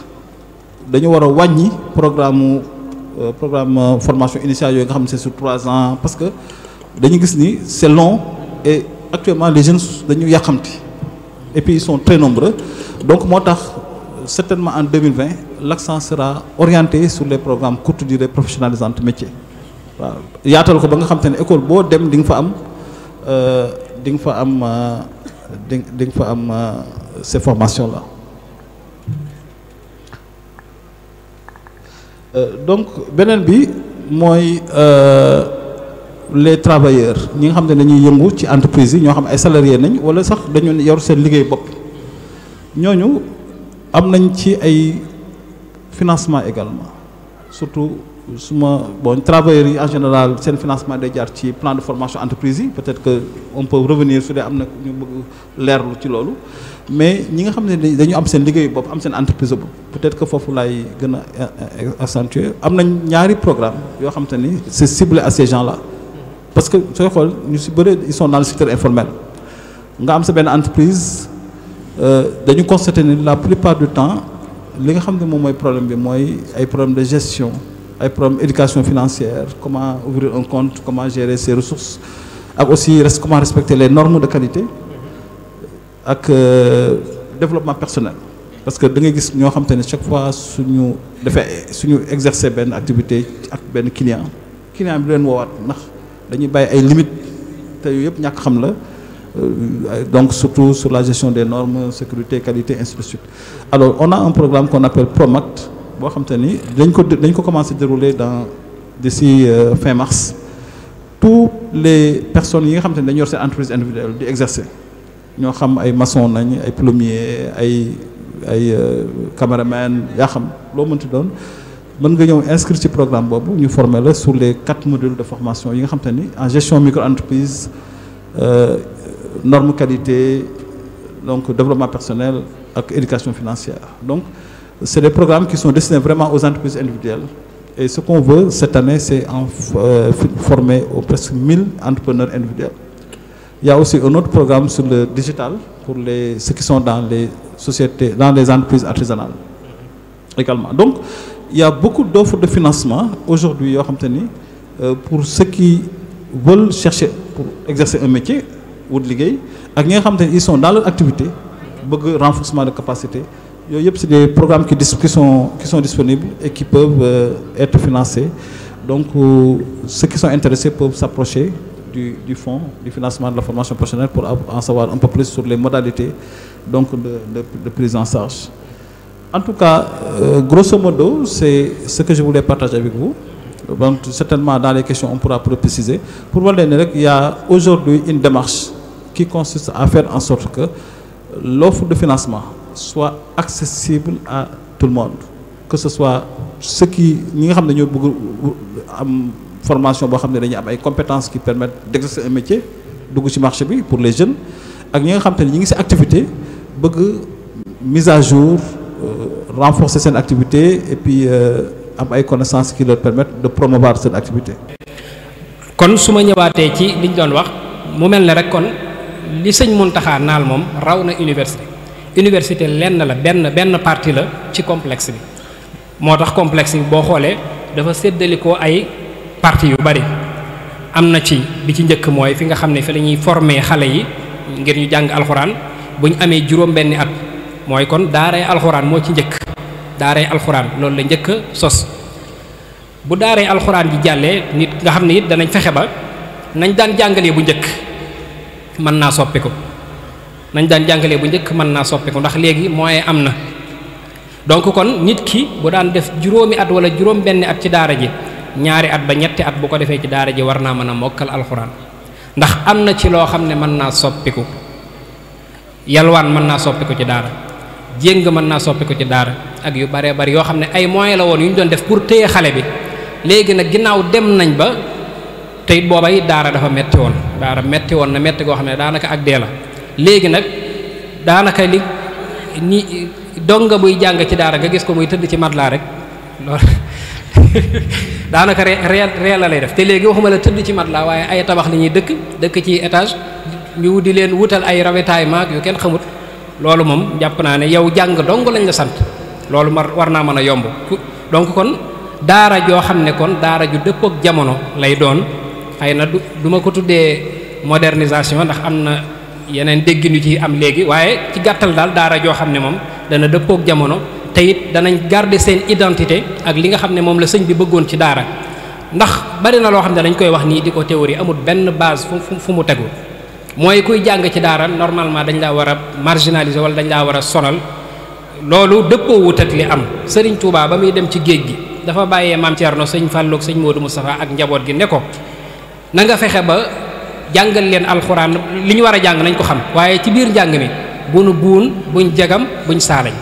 dañoo war a wàññi programme euh, programme formation initiale yooyu nga xam ne c'est sur trois ans parce que dañu gis ni c'est long et actuellement les jeunes dañu yàqamti et très nombreux donc moo tax certainement en 2020 l'accent sera orienté sur les programmes courte durée professionnalisantes métiers waaw yaatal ko ba nga xam te ne école boo dem di nga fa am euh, di fa am euh, di di euh, ces formations là donc beneen bi mooy les travailleurs ñi nga xam ne dañuy yëngu ci entreprise yi ñoo xam ay salariés nañ wala sax dañu yor seen liggéey bopp ñooñu am nañ ci ay financement également surtout su ma bon travailleurs yi en général seen financement de jaar ci plan de formation entreprise yi peut-être que on peut revenir su dee am na ñu bëgg leerlu ci loolu mais ñi nga xam ne dañu am seen liggéeyu bopp am seen entreprise bopp peut-être que foofu laay gën a accentuer am nañ ñaari programme yoo xam ni c'est ciblé à ces parce que sooy xool ñu si bëri ils sont dans le secteur informel nga am sa benn entreprise euh, dañu constater ni la plupart du temps li nga xam ne moom mooy problème bi mooy ay problème de gestion ay problème éducation financière comment ouvrir un compte comment gérer ses ressources ak aussi comment respecter les normes de qualité ak euh, développement personnel parce que da ngay gis ñoo xam te ne chaque fois suñu defee suñu exercer benn activité ak benn client client bi leen woowaat ndax dañuy bàyyi ay limites te yooyu yëpp ñàkk xam la euh, donc surtout sur la gestion des normes sécurité qualité ainsi alors on a un programme qu'on appelle Promact boo xam ni dañ ko dañ ko commencé dérouler dans d'ici euh, fin mars tous les personnes yi nga xam te ni dañu yor seen entreprise individuelle di exercer ñoo xam ay maçon nañ ay plumiers ay ay euh, caméraman yaa xam loo mënti doon mën nga ñëw inscrire ci programme boobu ñu former la sur les quatre modules de formation yi nga xam te ni en gestion micro-entreprise euh, norme qualité donc développement personnel ak éducation financière donc c'est des programmes qui sont destinés vraiment aux entreprises individuelles et ce qu'on veut cette année c'est en euh, former au presque 1000 entrepreneurs individuels il y a aussi un autre programme sur le digital pour les ceux qui sont dans les sociétés dans les entreprises artisanales il y a beaucoup d'offres de financement aujourd'hui yoo xam ni euh, pour ceux qui veulent chercher pour exercer un métier wut liggéey ak ñi nga xam te ni ils sont dans leur activité bëgg renforcement de capacité yooyu yëpp c'est des programmes qui qui sont qui sont disponibles et qui peuvent euh, être financés donc euh, ceux qui sont intéressés peuvent s'approcher du du fonds du financement de la formation professionnelle pour en savoir un peu plus sur les modalités donc de de, de prise en charge En tout cas, euh, grosso modo, c'est ce que je voulais partager avec vous. Donc, certainement, dans les questions, on pourra plus préciser. Pour voir les rek y a aujourd'hui une démarche qui consiste à faire en sorte que l'offre de financement soit accessible à tout le monde. Que ce soit ceux qui, ñoo savons, am formation, boo xam ne dañu am ay compétences qui permettent d'exercer un métier, du marché pour les jeunes, ak ñi nga et nous savons, une activité, mise à jour, Euh, renforcer seen activité et puis euh, am ay connaissances qui leur permettent de promouvoir seen activité.
kon su ma ñëwaatee ci liñ doon wax mu mel ne rek kon li sëñ Mountakha naal moom raw na université université lenn la benn benn partie la ci complexe bi moo tax complexe bi boo xoolee dafa ko ay parties yu bari am na ci bi ci njëkk mooy fi nga xam ne fi lañuy ñuy xale yi ngir ñu jàng alxuraan bu amee juróom-benni at. mooy kon daaray alxuraan moo ci njëkk daaray alxuraan loolu la njëkk sos bu daaray alxuraan ji jàllee nit nga xam ne it danañ fexe ba nañ daan jàngalee bu njëkk mën naa soppiku nañ daan jàngalee bu njëkk mën naa soppiku ndax léegi mooy am na donc kon nit ki bu daan def juróomi at wala juróom benn at ci daara ji ñaari at ba ñetti at bu ko defee ci daara ji war naa mën a mokkal alxuraan ndax am na ci loo xam ne mën naa soppiku yalwaan mën naa soppiku ci daara jéng mën naa soppi ko ci daara ak yu baree bari yoo xam ne ay moyens la woon yu ñu doon def pour téye xale bi léegi nag ginnaaw dem nañ ba tey booba it daara dafa metti woon daara metti woon na metti goo xam ne daanaka ak dee la léegi nag daanaka li ni donga buy jàng ci daara nga gis ko muy tëdd ci matelas rek loolu daanaka ree ree la lay def te léegi waxuma la tëdd ci matelas waaye ay tabax li ñuy dëkk dëkk ci etage ñu di leen wutal ay ravitaillement yu kenn xamut loolu moom jàpp naa ne yow jàng dong lañ la sant loolu ma war naa mën a yomb donc kon daara joo xam ne kon daara ju dëppook jamono lay doon xëy na du du ma ko tuddee modernisation ndax am na yeneen déggin yu ci am léegi waaye ci gàttal daal daara joo xam ne moom dana dëppoo jamono te it danañ garder seen identité ak li nga xam ne moom la sëñ bi bëggoon ci daara ndax bari na loo xam ne dañ koy wax nii di ko théorie amul benn base fu fu mu tegu mooy kuy jàng ci daara normalement dañ laa war a marginaliser wala dañ laa war a sonal loolu dëppoo wutat li am sëriñ Touba ba muy dem ci géej gi dafa bàyyee maam Thierno sëñ Fallou ak sëñ Modou Moustapha ak njaboot gi ne ko na nga fexe ba jàngal leen alxuraan li ñu war a jàng nañ ko xam waaye ci biir njàng mi bunu buun buñ jagam buñ saalañ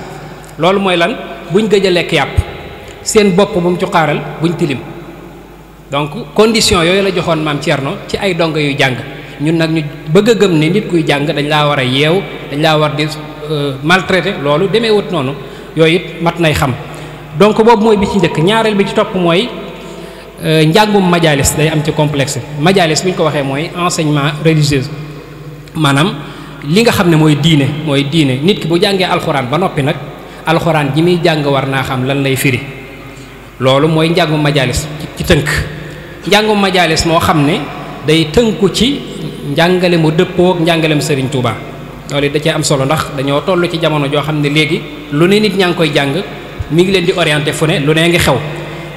loolu mooy lan buñ gëj a lekk yàpp seen bopp bu mu cuqaaral buñ tilim donc condition yooyu la joxoon maam Thierno ci ay dongo yu jàng. ñun nag ñu bëgg a gëm ni nit kuy jàng dañ laa war a yeew dañ laa war di euh, maltraité loolu demee wut noonu yooyu it mat nay xam donc boobu mooy bi ci njëkk ñaareel bi ci topp mooy euh, njàngum majalis day am ci complexe majalis bu ñu ko waxee mooy enseignement religieux maanaam li nga xam ne mooy diine mooy diine nit ki bu jàngee alxuraan ba noppi nag alxuraan ji muy jàng war naa xam lan lay firi loolu mooy njàngum majalis ci tënk njàngum majalis moo xam ne day tënku ci njàngale mu dëppook ak njàngalem Serigne Touba loolu da cee am solo ndax dañoo toll ci jamono joo xam ne léegi lu ne nit ñaa ngi koy jàng mi ngi leen di orienté fu ne lu nee ngi xew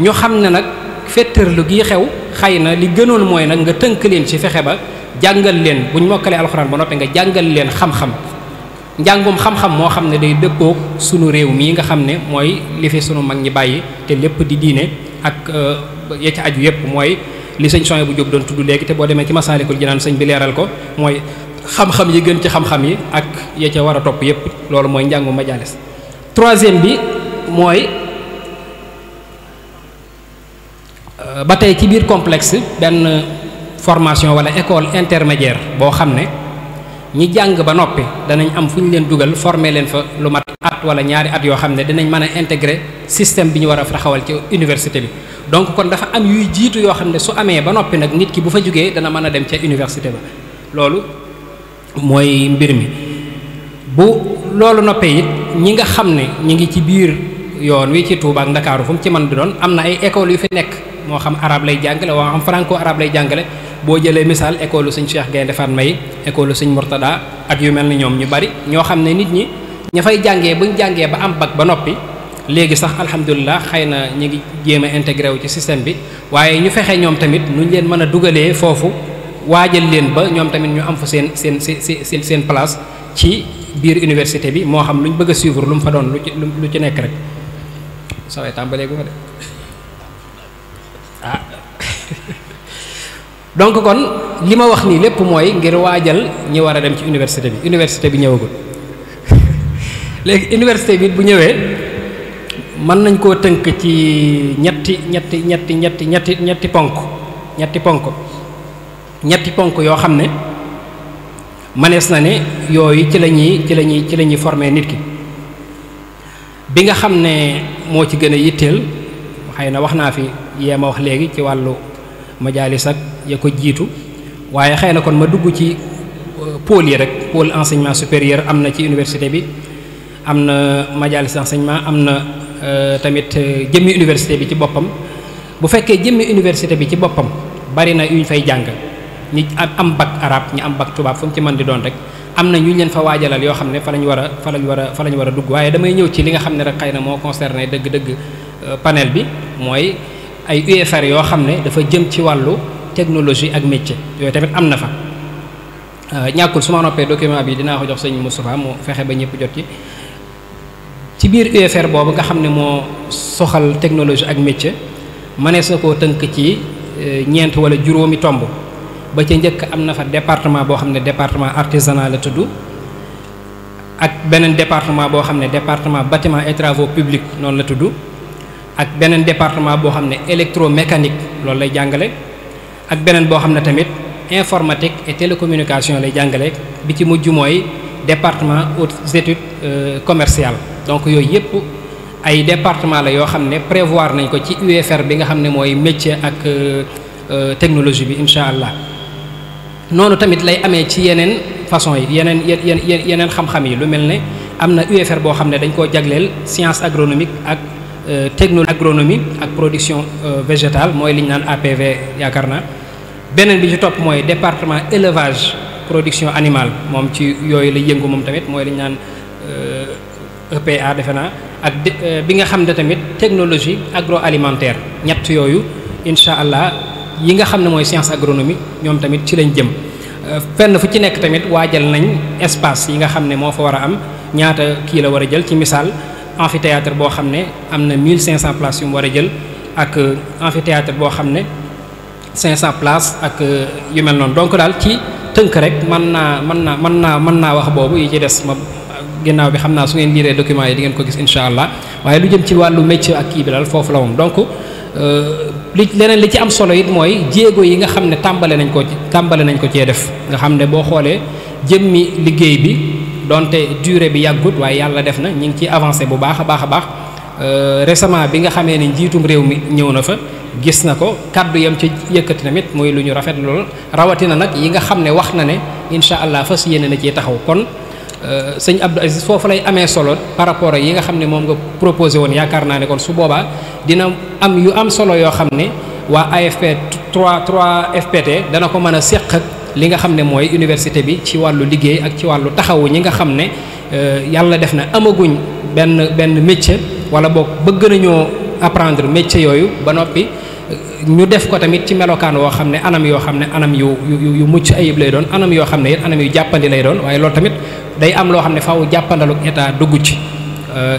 ñu xam ne nag fettarlu gii xew xay na li gënoon mooy nag nga tënk leen ci fexe ba jàngal leen buñ mokkalee alxuraan ba noppee nga jàngal leen xam-xam njàngum xam-xam moo xam ne day dëppook sunu réew mii nga xam ne mooy li fi sunu mag ñi bàyyi te lépp di diine ak euh, ya ci aju yépp mooy li sëñ Sonia bu Jóob doon tudd léegi te boo demee ci Masaalikul Jinaan sëñ bi leeral ko mooy xam-xam yi gën ci xam-xam yi ak ya ca war a topp yépp loolu mooy njàngu majalis troisième bi mooy euh, ba tey ci biir complex benn formation wala école intermédiaire boo xam ne ñi jàng ba noppi danañ am fu ñu leen dugal former leen fa lu mat at wala ñaari at yoo xam ne dinañ mën a intégrer système bi ñu war a taxawal ci université bi donc kon dafa am yuy jiitu yoo xam ne su amee ba noppi nag nit ki bu fa jógee dana mën a dem ca université ba loolu mooy mbir mi bu loolu noppee it ñi nga xam ne ñi ngi ci biir yoon wi ci Touba ak Ndakaaru fu ci mën di doon am na ay écoles yu fi nekk moo xam arabe lay jàngale moo xam franco arabe lay jàngale boo jëlee misaal école suñ sëñ Cheikh Gaynde Fatma yi école u sëñ ak yu mel ni ñoom ñu bari ñoo xam ne nit ñi ña fay jàngee buñ jàngee ba am bac ba noppi léegi sax alhamdulilah xëy na ñu ngi jéem a intégré wu ci système bi waaye ñu fexe ñoom tamit nuñ leen mën a dugalee foofu waajal leen ba ñoom tamit ñu am fa seen seen seen seen place ci biir université bi moo xam lu luñ bëgg a suivre lu mu fa doon lu ci lu ci nekk rek soo waay tàmbalee gu ma de ah donc kon li ma wax nii lépp mooy ngir waajal ñi war a dem ci université bi université bi ñëwagul léegi université bi bu ñëwee. mën nañ koo tënk ci ñetti ñetti ñetti ñetti ñetti ñetti ponk ñetti ponk ñetti ponk yoo xam ne manees na ne yooyu ci la ci la ñuy ci la ñuy formé nit ki bi nga xam ne moo ci gën a yitteel xëy na wax naa fi yee ma wax léegi ci wàllu majaalis ak ya ko jiitu waaye xëy na kon ma dugg ci euh, pôle yi rek pôle enseignement supérieur am na ci université bi am na majaalis enseignement am na Euh, tamit euh, jëmmi université bi ci boppam bu fekkee jëmmi université bi ci boppam bari na yu ñu fay jàng ñi am bac arab ñi am bac tubaab fu mu ci mën di doon rek am na ñu leen fa waajalal yoo xam ne fa lañ war a fa lañ war fa lañ war a dugg waaye damay ñëw ci li nga xam ne rek xëy na moo concerné dëgg-dëgg euh, panel bi mooy ay UFR yoo xam ne dafa jëm ci wàllu technologie ak métier yooyu tamit am na fa ñàkkul su ma noppee document bi dinaa ko jox sëñ Moustapha mu fexe ba ñëpp jot ci ci biir UFR boobu nga xam ne moo soxal technologie ak métier mënees na koo tënk ci eh, ñeent wala juróomi tomb ba ca njëkk am na fa département boo xam ne département artisanat la tudd ak beneen département boo xam ne département bâtiment et travaux publics noonu la tudd ak beneen département boo xam ne électromécanique loolu lay jàngale ak beneen boo xam ne tamit informatique et télécommunication lay jàngale bi ci mujj mooy département hautes études euh, commercial donc yooyu yëpp ay département la yoo xam ne prévoir nañ ko ci UFR bi nga xam ne mooy métier ak euh, euh, technologie bi incha allah noonu tamit lay amee ci yeneen façon yi yeneen yeneen xam-xam yi lu mel ne am na UFR boo xam ne dañ koo jagleel science agronomique ak euh, technologie agronomie ak production végétal mooy li ñu naan APV yaakaar naa beneen bi ci topp mooy département élevage production animale moom ci yooyu la yëngu moom tamit mooy li ñu naan EPA defe naa ak e, bi nga xam ne tamit technologie alimentaire ñett yooyu incha allah yi nga xam ne mooy science agronomie ñoom tamit ci lañ jëm e, fenn fu ci nekk tamit waajal nañ espace yi nga xam ne moo fa war a am ñaata kii la war a jël ci misaal amphithéâtre boo xam ne am na 1500 places yu mu war a jël ak e, amphithéâtre boo xam ne 500 places ak yu mel noonu donc daal ci tënk rek mën naa mën naa mën naa mën naa wax boobu yi ci des ma. ginnaaw bi xam naa su ngeen liiree document yi di ngeen ko gis incha allah waaye lu jëm ci wàllu métier ak kii bi daal foofu la moom donc euh, li leneen li ci am solo it mooy jéego yi nga xam ne tàmbale nañ ko ci tàmbale nañ ko cee def nga xam ne boo xoolee jëmmi liggéey bi donte durée bi yàggut waaye yàlla def na ñu ngi ciy avancé bu baax a baax a baax euh, récemment bi nga xamee ne njiitum réew mi ñëw na fa gis na ko kaddu yam ci yëkkati tamit muy lu ñu rafet lool rawatina nag yi nga xam ne wax na ne incha allah fas yéene na cee taxaw kon. Euh, sëñ Abdou foofu lay amee solo par rapport ak yi nga xam ne moom nga proposé woon yaakaar naa ne kon su boobaa dina am yu am solo yoo xam ne waa AFP 3 3 FPT dana ko mën a seq ak li nga xam ne mooy université bi ci wàllu liggéey ak ci wàllu taxawu ñi nga xam ne euh, yàlla def na amaguñ benn benn métier wala boog bëgg nañoo apprendre métier yooyu ba noppi. Euh, ñu def ko tamit ci melokaan woo xam ne anam yoo xam ne anam yu yu yu mucc ayib lay doon anam yoo xam ne it anam yu jàppandi lay doon waaye loolu tamit day am loo xam ne faw jàppandalu état dugg ci euh,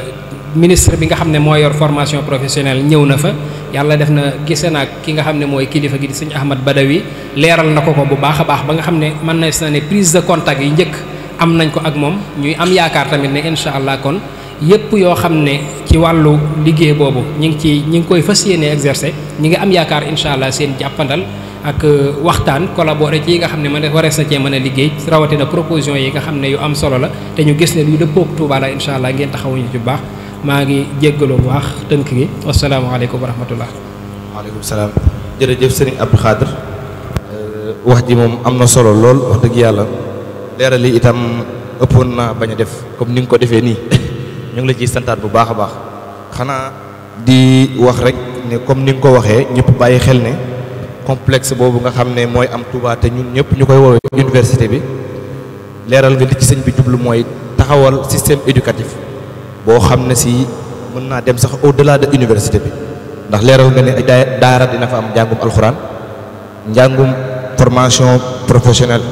ministre bi nga xam ne moo yor formation professionnel ñëw na fa yàlla def na gise naa ki nga xam ne mooy kilifa gi di sëñ Ahmad Badawi leeral na ko ko bu baax a baax ba nga xam ne mën na si na ne prise de contact yi njëkk am nañ ko ak moom ñuy am yaakaar tamit ne incha allah kon yépp yoo xam ne ci wàllu liggéey boobu ñi ngi ci ñi ngi koy fas yéene exercer ñi ngi am yaakaar incha allah seen jàppandal ak euh, waxtaan collaborer ci yi nga xam ne mën ne warees na cee mën a liggéey rawatina proposition yi nga xam ne yu am solo la te ñu gis ne lu dëppook Tuuba la incha allah ngeen taxawuñu ci baax maa ngi jéggalu bu baax tënk gi wasalaamaaleykum wa rahmatullah
waaleykum salaam jërëjëf sëriñ Abdou Khadr euh, wax ji moom am na solo lool wax dëgg yàlla leeral itam ëppoon na bañ a def comme ni nga ko defee nii ñu ngi la ciy santaat bu baax a baax xanaa di wax rek ne comme ni nga ko waxee ñëpp bàyyi xel ne complexe boobu nga xam ne mooy am Touba te ñun ñëpp ñu koy woowee université bi leeral nga li ci sëñ bi jublu mooy taxawal système éducatif boo xam ne si mën naa dem sax au delà de université bi ndax leeral nga ne daara dina fa am njàngum alxuraan njàngum formation professionnelle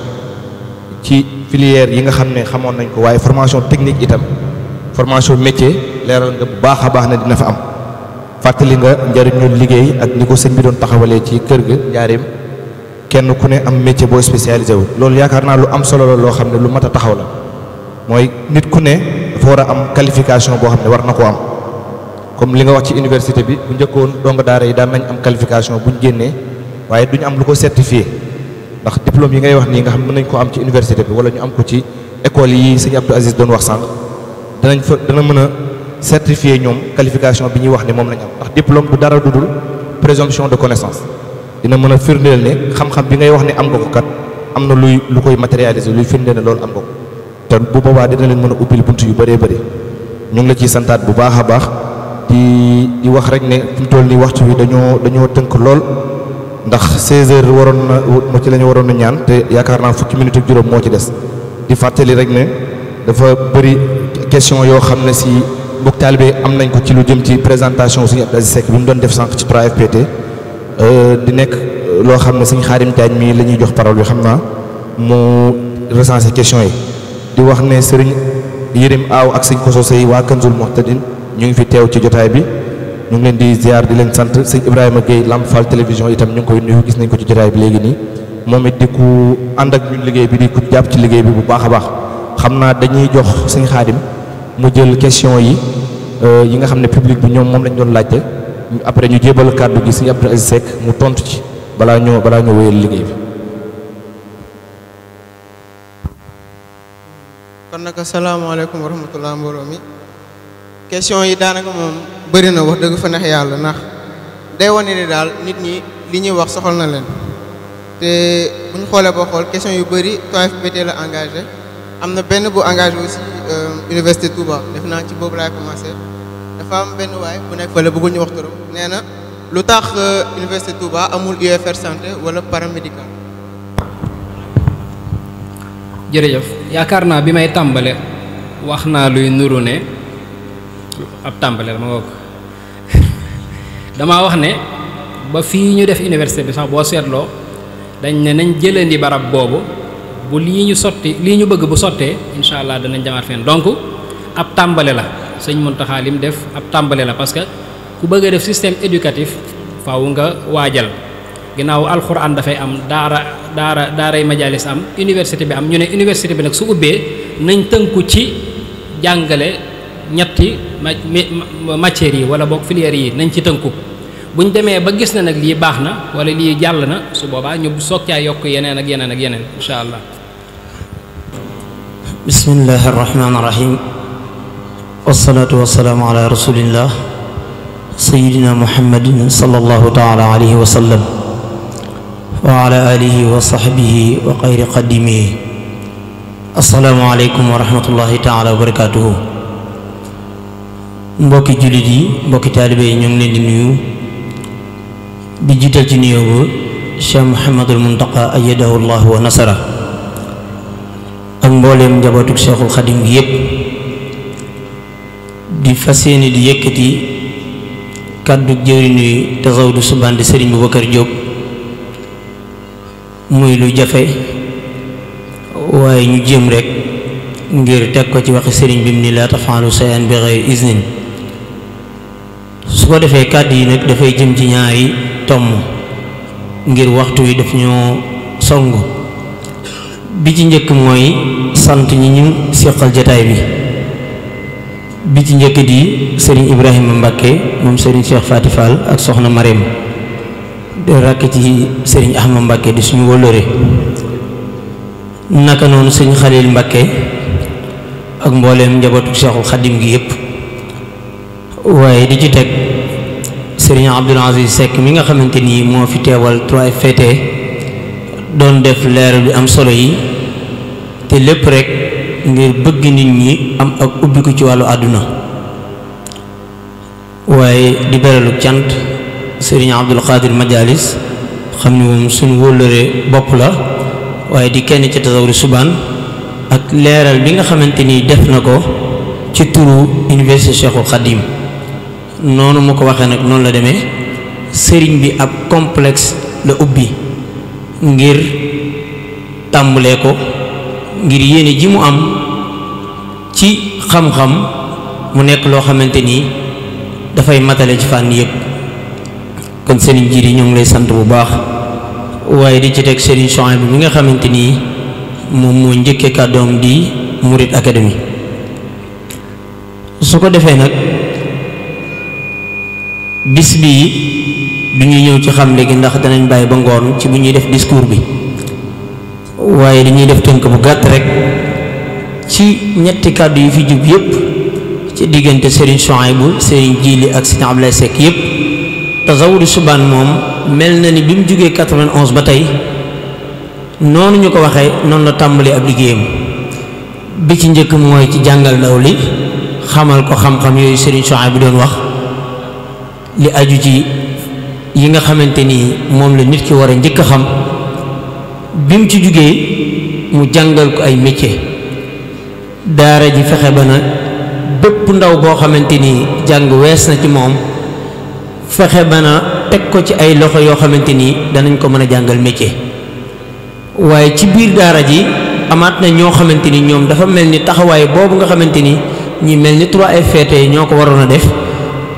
ci filière yi nga xam ne xamoon nañ ko waaye formation technique itam formation métier leeral nga bu a ne dina fa am. fàttali nga njëriñu liggéey ak ni ko sëñ bi doon taxawalee ci kër ga njaareem kenn ku ne am métier boo spécialisé wu loolu yaakaar naa lu am solo la loo xam ne lu mat a taxaw la mooy nit ku ne dafa war a am qualification boo xam ne war na ko am comme li nga wax ci université bi bu njëkkoon dong daara yi daan nañ am qualification bu ñu génnee waaye duñu am lu ko certifié ndax diplôme yi ngay wax nii nga xam mën nañ ko am ci université bi wala ñu am ko ci école yi sëñ Abdou Aziz wax sànq certifié ñoom qualification bi ñuy wax ne moom lañ am ndax diplôme du dara dudul présomption de connaissance dina mën a firndeel ne xam-xam bi ngay wax ne am nga ko kat am na luy lu koy matérialiser luy firndeel ne loolu am nga ko te bu boobaa dina leen mën a ubbil bunt yu bëree bëri ñu ngi la ciy santaat bu baax a baax di di wax rek ne fi ni waxtu wi dañoo dañoo tënk lool ndax 16 heures waroon na moo ci lañu waroon na ñaan te yaakaar naa fukki minute ak juróom moo ci des mbokk taalibe am nañ ko ci lu jëm ci présentation suñu Abdou Aziz bi mu doon def sànq ci 3FPT euh, di nekk loo xam ne suñu Xaadim Jaañ mii la ñuy jox parole bi xam naa mu recenser questions yi di wax ne sëriñ Yërim Aaw ak ko Koso Sey waa Kanzul Muhtadin ñu ngi fi teew ci jotaay bi ñu ngi leen di ziar di leen sant sëñ Ibrahima Gueye Lamp Fall télévision itam ñu ngi koy nuyu gis nañ ko ci jotaay bi léegi nii moom it di ku ànd ak ñun liggéey bi di ku jàpp ci liggéey bi bu baax a baax xam naa dañuy jox sëñ Xaadim mu jël question yi euh, yi nga xam ne public bi ñoom moom lañ doon laajte après ñu jébal kàddu gi Serigne Abdou Aziz Seck mu tontu ci balaa ñoo balaa ñoo wéyal liggéey bi.
kon nag asalaamaaleykum wa rahmatulah mbooloo mi question yi daanaka moom bëri na wax dëgg fa yàlla nax day wane ni daal nit ñi li ñuy wax soxal na leen te bu ñu xoolee boo xool question yu bëri TOFPT la engagé. am na benn bu engagé aussi euh,
université Touba def naa ci boobu laay commencé dafa am benn waay bu nekk fële bëggul ñu wax turam nee na lu tax euh, université Touba amul UFR santé wala paramédical.
jërëjëf yaakaar naa bi may tàmbalee wax naa luy nuru ne ab tàmbale la ma wokk damaa wax ne ba fii ñu def université bi sax boo seetloo dañ ne nañ jëlandi barab boobu. bu lii ñu sotti lii ñu bëgg bu sottee incha allah danañ jamaat fenn donc ab tàmbale la sëñ Muntaxa lim def ab tàmbale la parce que ku bëgg a def système éducatif faw nga waajal ginnaaw alxuraan dafay am daara daara daaray majalis am université bi am ñu ne université bi nag su ubbee nañ tënku ci jàngale ñetti ma matières yi wala boog filières yi nañ ci tënku buñ demee ba gis na nag lii baax na wala lii jàll na su boobaa ñu soog caa yokk yeneen ak yeneen ak yeneen incha
bismillaahi rahmaani rahiim wassalaatu wassalaamu ala rasulillah sayidina muhammadin sallallahu taala alayhi wa sallam wa ala alihi wa sahbihi wa xayri qadimihi assalaamu aleykum wa rahmatullahi taala wa barakatuhu mbokki jullit yi mbokki taalibe yi ñoo ngi leen di nuyu di jiital ci nuyoo bu Cheikh Muhammadul Muntaqa ayyadahu llahu wa nasara ak mbooleem njabootuk Seexul Xadim gi yépp di fas yéene di yëkkati kàddu jëwriñ yi Tazawudu Subaan di Sëriñ Bubakar Jóob muy lu jafe waaye ñu jëm rekk ngir teg ko ci waxi sëriñ bi mu ni laa tafaalu sayan bi isnin su ko defee kàdd yi nag dafay jëm ci ñaari tomm ngir waxtu wi daf ñoo songu bi ci njëkk mooy sant ñi ñu seqal jataay bi bi ci njëkk di sëriñ Ibrahima Mbakke moom sëriñ Cheikh Faty Fall ak soxna Marème di rakk ci sëriñ Ahma Mbakke di suñu wóllëre naka noonu sëñ Xalil Mbakke ak mbooleem njabootu Cheikhul Xadim gi yëpp waaye di ci teg sëriñ Abdul Aziz Seck mi nga xamante ni moo fi teewal 3FPT doon def leeral bi am solo yi te lépp rek ngir bëgg nit ñi am ak ubbi ko ci wàllu àdduna waaye di beralu cant sëriñ Abdul Qadir Majalis xam ne moom suñu wóllëre bopp la waaye di kenn ci tasawru subaan ak leeral bi nga xamante ni def na ko ci turu université Cheikhul Khadim noonu mu ko waxee nag noonu la deme sëriñ bi ab complexe la ubbi ngir tàmbulee ko ngir yéene ji mu am ci xam-xam mu nekk loo xamante nii dafay matale ci fànn yëpp kon sëriñ jiir yi ñoom lay sant bu baax waaye di ci teg sëriñ Chouaib bi mi nga xamante nii moom moo njëkkee kàddoom di murit Académie su ko defee nag bis bii duñuy ñëw ci xam gi ndax danañ bàyyi ba ngoon ci bu ñuy def discours bi waaye dañuy def tënk bu gàtt rek ci ñetti kàddu yi fi jub yépp ci diggante Serigne bu Serigne Djily ak Serigne Ablaye Seck yépp Tazawudu Subaan moom mel na ni bi mu jógee 91 ba tey noonu ñu ko waxee noonu la tàmbali ab liggéeyam bi ci njëkk mooy ci jàngal ndaw li xamal ko xam-xam yooyu Serigne Souhaïbou doon wax li aju ci yi nga xamante ni moom la nit ki war a njëkk a xam bi mu ci jógee mu jàngal ko ay métier daara ji fexe ba na bépp ndaw boo xamante ni jàng wees na ci moom fexe ba na teg ko ci ay loxo yoo xamante ni danañ ko mën a jàngal métier waaye ci biir daara ji amaat na ñoo xamante ni ñoom dafa mel ni taxawaay boobu nga xamante ni ñi mel ni 3FPT e ñoo ko waroon a def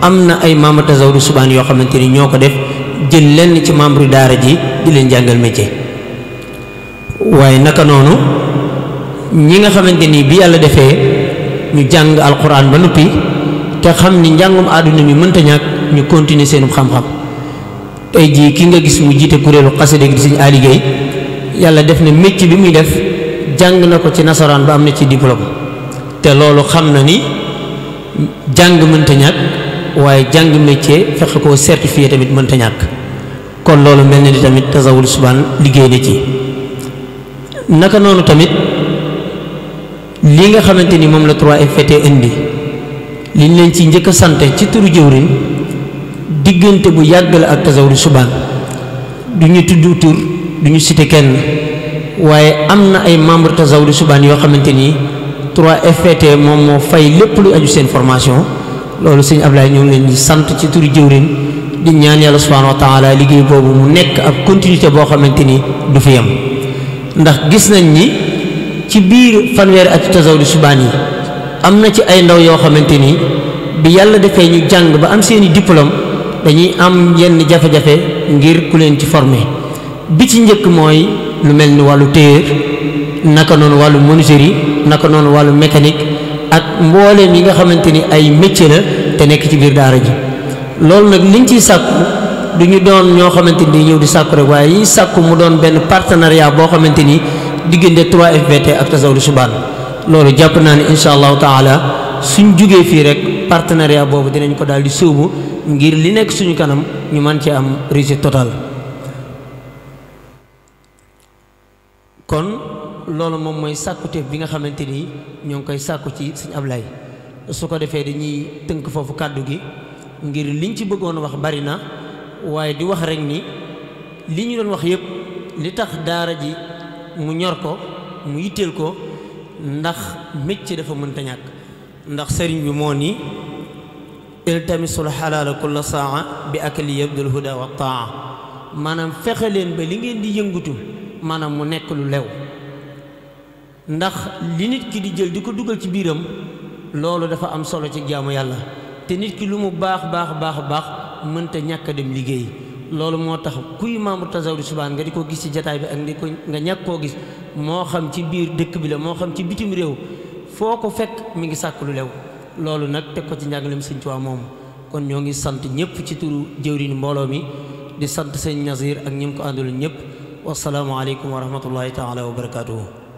am na ay maama tasawdu subaan yoo xamante ni ñoo ko def jël lenn ci membre daara ji di leen jàngal métier waaye naka noonu ñi nga xamante ni bi yàlla defee ñu jàng alquran ba noppi te xam ni njàngum àdduna mi mënta ñàkk ñu continuer seen xam-xam tey jii ki nga gis mu jiite kuréelu xasida gi Sëriñ Ali Gueye yàlla def na métier bi muy def jàng na ko ci nasaraan ba am na ci diplôme te loolu xam na ni jàng mënta ñàkk waaye jàng métier fexe ko certifié tamit mënta ñàkk kon loolu mel na ni tamit tasawul subaan liggéey na ci naka noonu tamit li nga xamante ni moom la 3FPT indi liñ leen ci njëkk a sante ci turu jëwriñ diggante bu yàgg la ak tasawul subaan du ñu tudd tur du ñu cité kenn waaye am na ay membre tasawul subaan yoo xamante ni trois fpt moom moo fay lépp lu aju seen formation loolu sëñ Ablaye ñoo ngi leen di sant ci turu jëwriñ di ñaan yàlla subhanahu wa taala liggéey boobu mu nekk ab continuité boo xamante ni du fi ndax gis nañ ni ci biir fanweeri at tasawdu subaan yi am na ci ay ndaw yoo xamante ni bi yàlla defee ñu jàng ba am seeni diplôme dañuy am yenn jafe-jafe ngir ku leen ci former bi ci njëkk mooy lu mel ni wàllu téer naka noonu wàllu menuiserie naka noonu wàllu mécanique ak mbooleem yi nga xamante ni ay métier la te nekk ci biir daara ji loolu nag liñ ciy sàkku duñu doon ñoo xamante ni ñëw di sàkku rek waaye yi sàkku mu doon benn partenariat boo xamante ni diggante trois fpt ak Tazawudu Chubaan loolu jàpp naa ne incha allahu taala suñ jógee fii rek partenariat boobu dinañ ko daal di sóobu ngir li nekk suñu kanam ñu mën ci am réussite totale loolu moom mooy sàkkuteef bi nga xamante ni ñoo ngi koy sàkku ci sëñ Ablaye su ko defee dañuy tënk foofu kàddu gi ngir liñ ci bëggoon wax bari na waaye di wax rek ni li ñu doon wax yëpp li tax daara ji mu ñor ko mu yitteel ko ndax métier dafa mënta ñàkk ndax sëriñ bi moo ni iltamisul xalaala kulla saa bi ak li akli yabdul huda wa taa maanaam fexe leen ba li ngeen di yëngutu maanaam mu nekk lu lew ndax li nit ki di jël di ko dugal ci biiram loolu dafa am solo ci jaamu yàlla te nit ki lu mu baax baax baax baax mën te ñàkk dem liggéey loolu moo tax kuy membre Tazawudu Chibane nga di ko gis ci jataay bi ak di nga ñàkk koo gis moo xam ci biir dëkk bi la moo xam ci bitim réew foo ko fekk mu ngi sàkk lu lew loolu nag teg ko ci njàngaleem Sëñ Tuubaa moom kon ñoo ngi sant ñëpp ci turu jëwriñ mbooloo mi di sant sëñ Nazir ak ñi ko àndul ñëpp wasalaamualeykum wa rahmatullahi taala wa barakaatuhu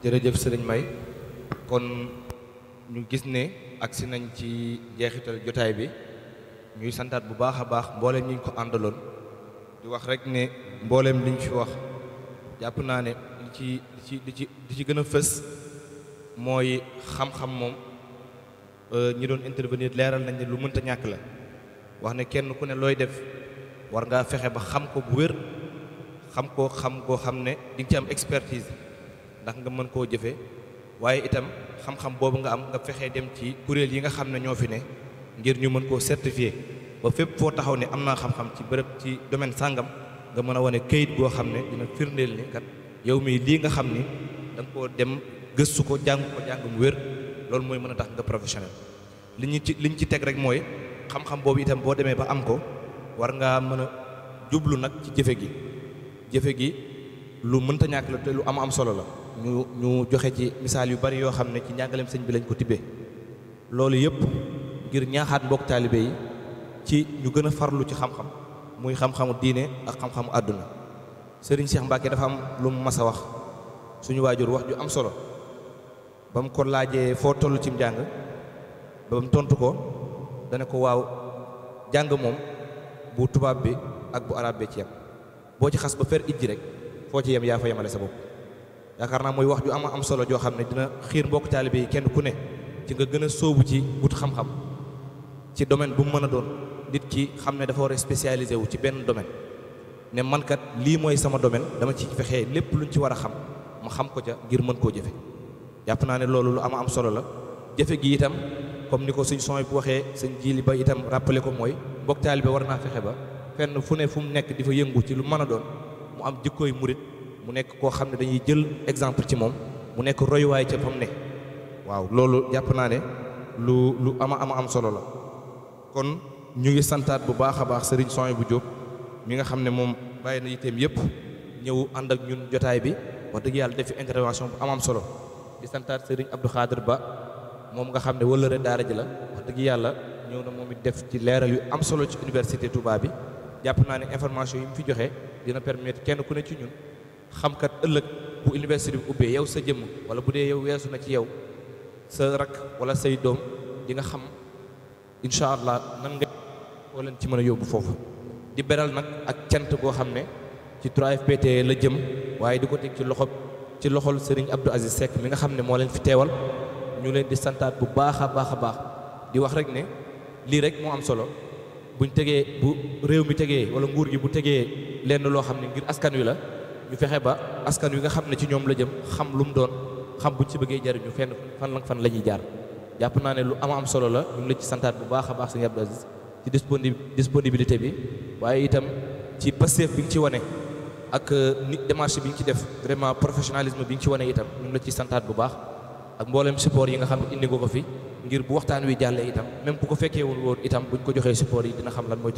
jërëjëf sëriñ May
kon ñu gis ne agsi nañ ci jeexital jotaay bi ñuy santaat bu baax a baax mbooleem ñu ko àndaloon di wax rek ne mbooleem liñ ci wax jàpp naa ne li ci li ci li ci li ci gën a fës mooy xam-xam moom e, ñi doon intervenir leeral nañ ne lu mënta ñàkk la wax ne kenn ku ne looy def war ngaa fexe ba xam ko bu wér xam koo xam koo xam ne di nga ci am expertise ndax nga mën koo jëfe waaye itam xam-xam boobu nga am nga fexee dem ci kuréel yi nga xam ne ñoo fi ne ngir ñu mën koo certifié ba fépp foo taxaw ne am naa xam-xam ci bërëb ci domaine sàngam nga mën a wane kayit boo xam ne dina firndeel ni kat yow mii lii nga xam ni da koo dem gëstu ko jàng ko jàng wér loolu mooy mën a tax nga professionnel li ñu ci li ci teg rek mooy xam-xam boobu itam boo demee ba am ko war ngaa mën a jublu nag ci jëfe gi jëfe gi lu mënta ñàkk la lu am am solo la ñu ñu joxe ci misaal yu bari yoo xam ne ci njàngaleem sëñ bi lañ ko tibbee loolu yëpp ngir ñaaxaat mbokk taalibe yi ci ñu gën a farlu ci xam-xam muy xam-xamu diine ak xam-xamu àdduna sëriñ Cheikh Mbacke dafa am lu mu a wax suñu waajur wax ju am solo ba mu ko laajee foo toll ci njàng ba mu tontu ko dana ko waaw jàng moom bu tubaab bi ak bu arab bi ci yem boo ci xas ba fer ijji rek foo ci yem yaa fa yemale sa bopp yaakaar naa mooy wax ju am a am solo joo xam ne dina xiir mbokk taalibe yi kenn ku ne ci nga gën a sóobu ci but xam-xam ci domaine bu mu mën a doon nit ki xam ne dafa war a spécialisé wu ci benn domaine ne mankat lii mooy sama domaine dama ci fexe lépp luñ ci war a xam ma xam ko ca ngir mën koo jafe jàpp naa ne loolu lu am am solo la jafe gi itam comme ni ko suñ son bu waxee sëñ jiili ba itam rappelé ko mooy mbokk taalibe war naa fexe ba fenn fu ne fu mu nekk di fa yëngu ci lu mën a doon mu am jikkooy murit mu nekk koo xam ne dañuy jël exemple ci moom mu nekk royuwaay ca fa ne waaw loolu jàpp naa ne lu lu ama ama am solo la kon ñu ngi santaat bu baax a baax Serigne Sonia bu Diop mi nga xam ne moom bàyyi na yitteem yëpp ñëw ànd ak ñun jotaay bi wax dëgg yàlla defi intervention bu amam solo di santaat Serigne Abdou Khadir Ba moom nga xam ne wëllëre daara ji la wax dëgg yàlla ñëw na moom it def ci leeral yu am solo ci université Touba bi jàpp naa ne information yi mu joxe dina permettre kenn ku ne ci ñun. xamkat ëllëg bu université bi ubbee yow sa jëmm wala bu dee yow weesu na ci yow sa rak wala say doom di nga xam incha allah nan nga ci mën a yóbbu foofu di beral nag ak cant goo xam ne ci 3FPT la jëm waaye di ko teg ci loxo ci loxol Serigne Abdou Aziz Seck mi nga xam ne moo leen fi teewal ñu leen di santaat bu baax a baax a baax di wax rek ne lii rek moo am solo buñ tegee bu réew mi tegee wala nguur gi bu tegee lenn loo xam ne ngir askan wi la ñu fexe ba askan wi nga xam ne ci ñoom la jëm xam lu mu doon xam buñ ci bëggee jariñu fenn fan la la ñuy jaar jàpp naa ne lu am am solo la ñu ngi la ci santaat bu baax a baax sëñ Abdou Aziz ci disponi disponibilité bi waaye itam ci pastéef bi nga ci wane ak euh, ni démarche bi nga ci def vraiment professionnalisme bi nga ci wane itam ñu ngi ci santaat bu baax ak mboolem support yi nga xam ne indi nga ko fi ngir bu waxtaan wi jàllee itam même bu ko fekkee woon itam buñ ko joxee support yi dina xam lan mooy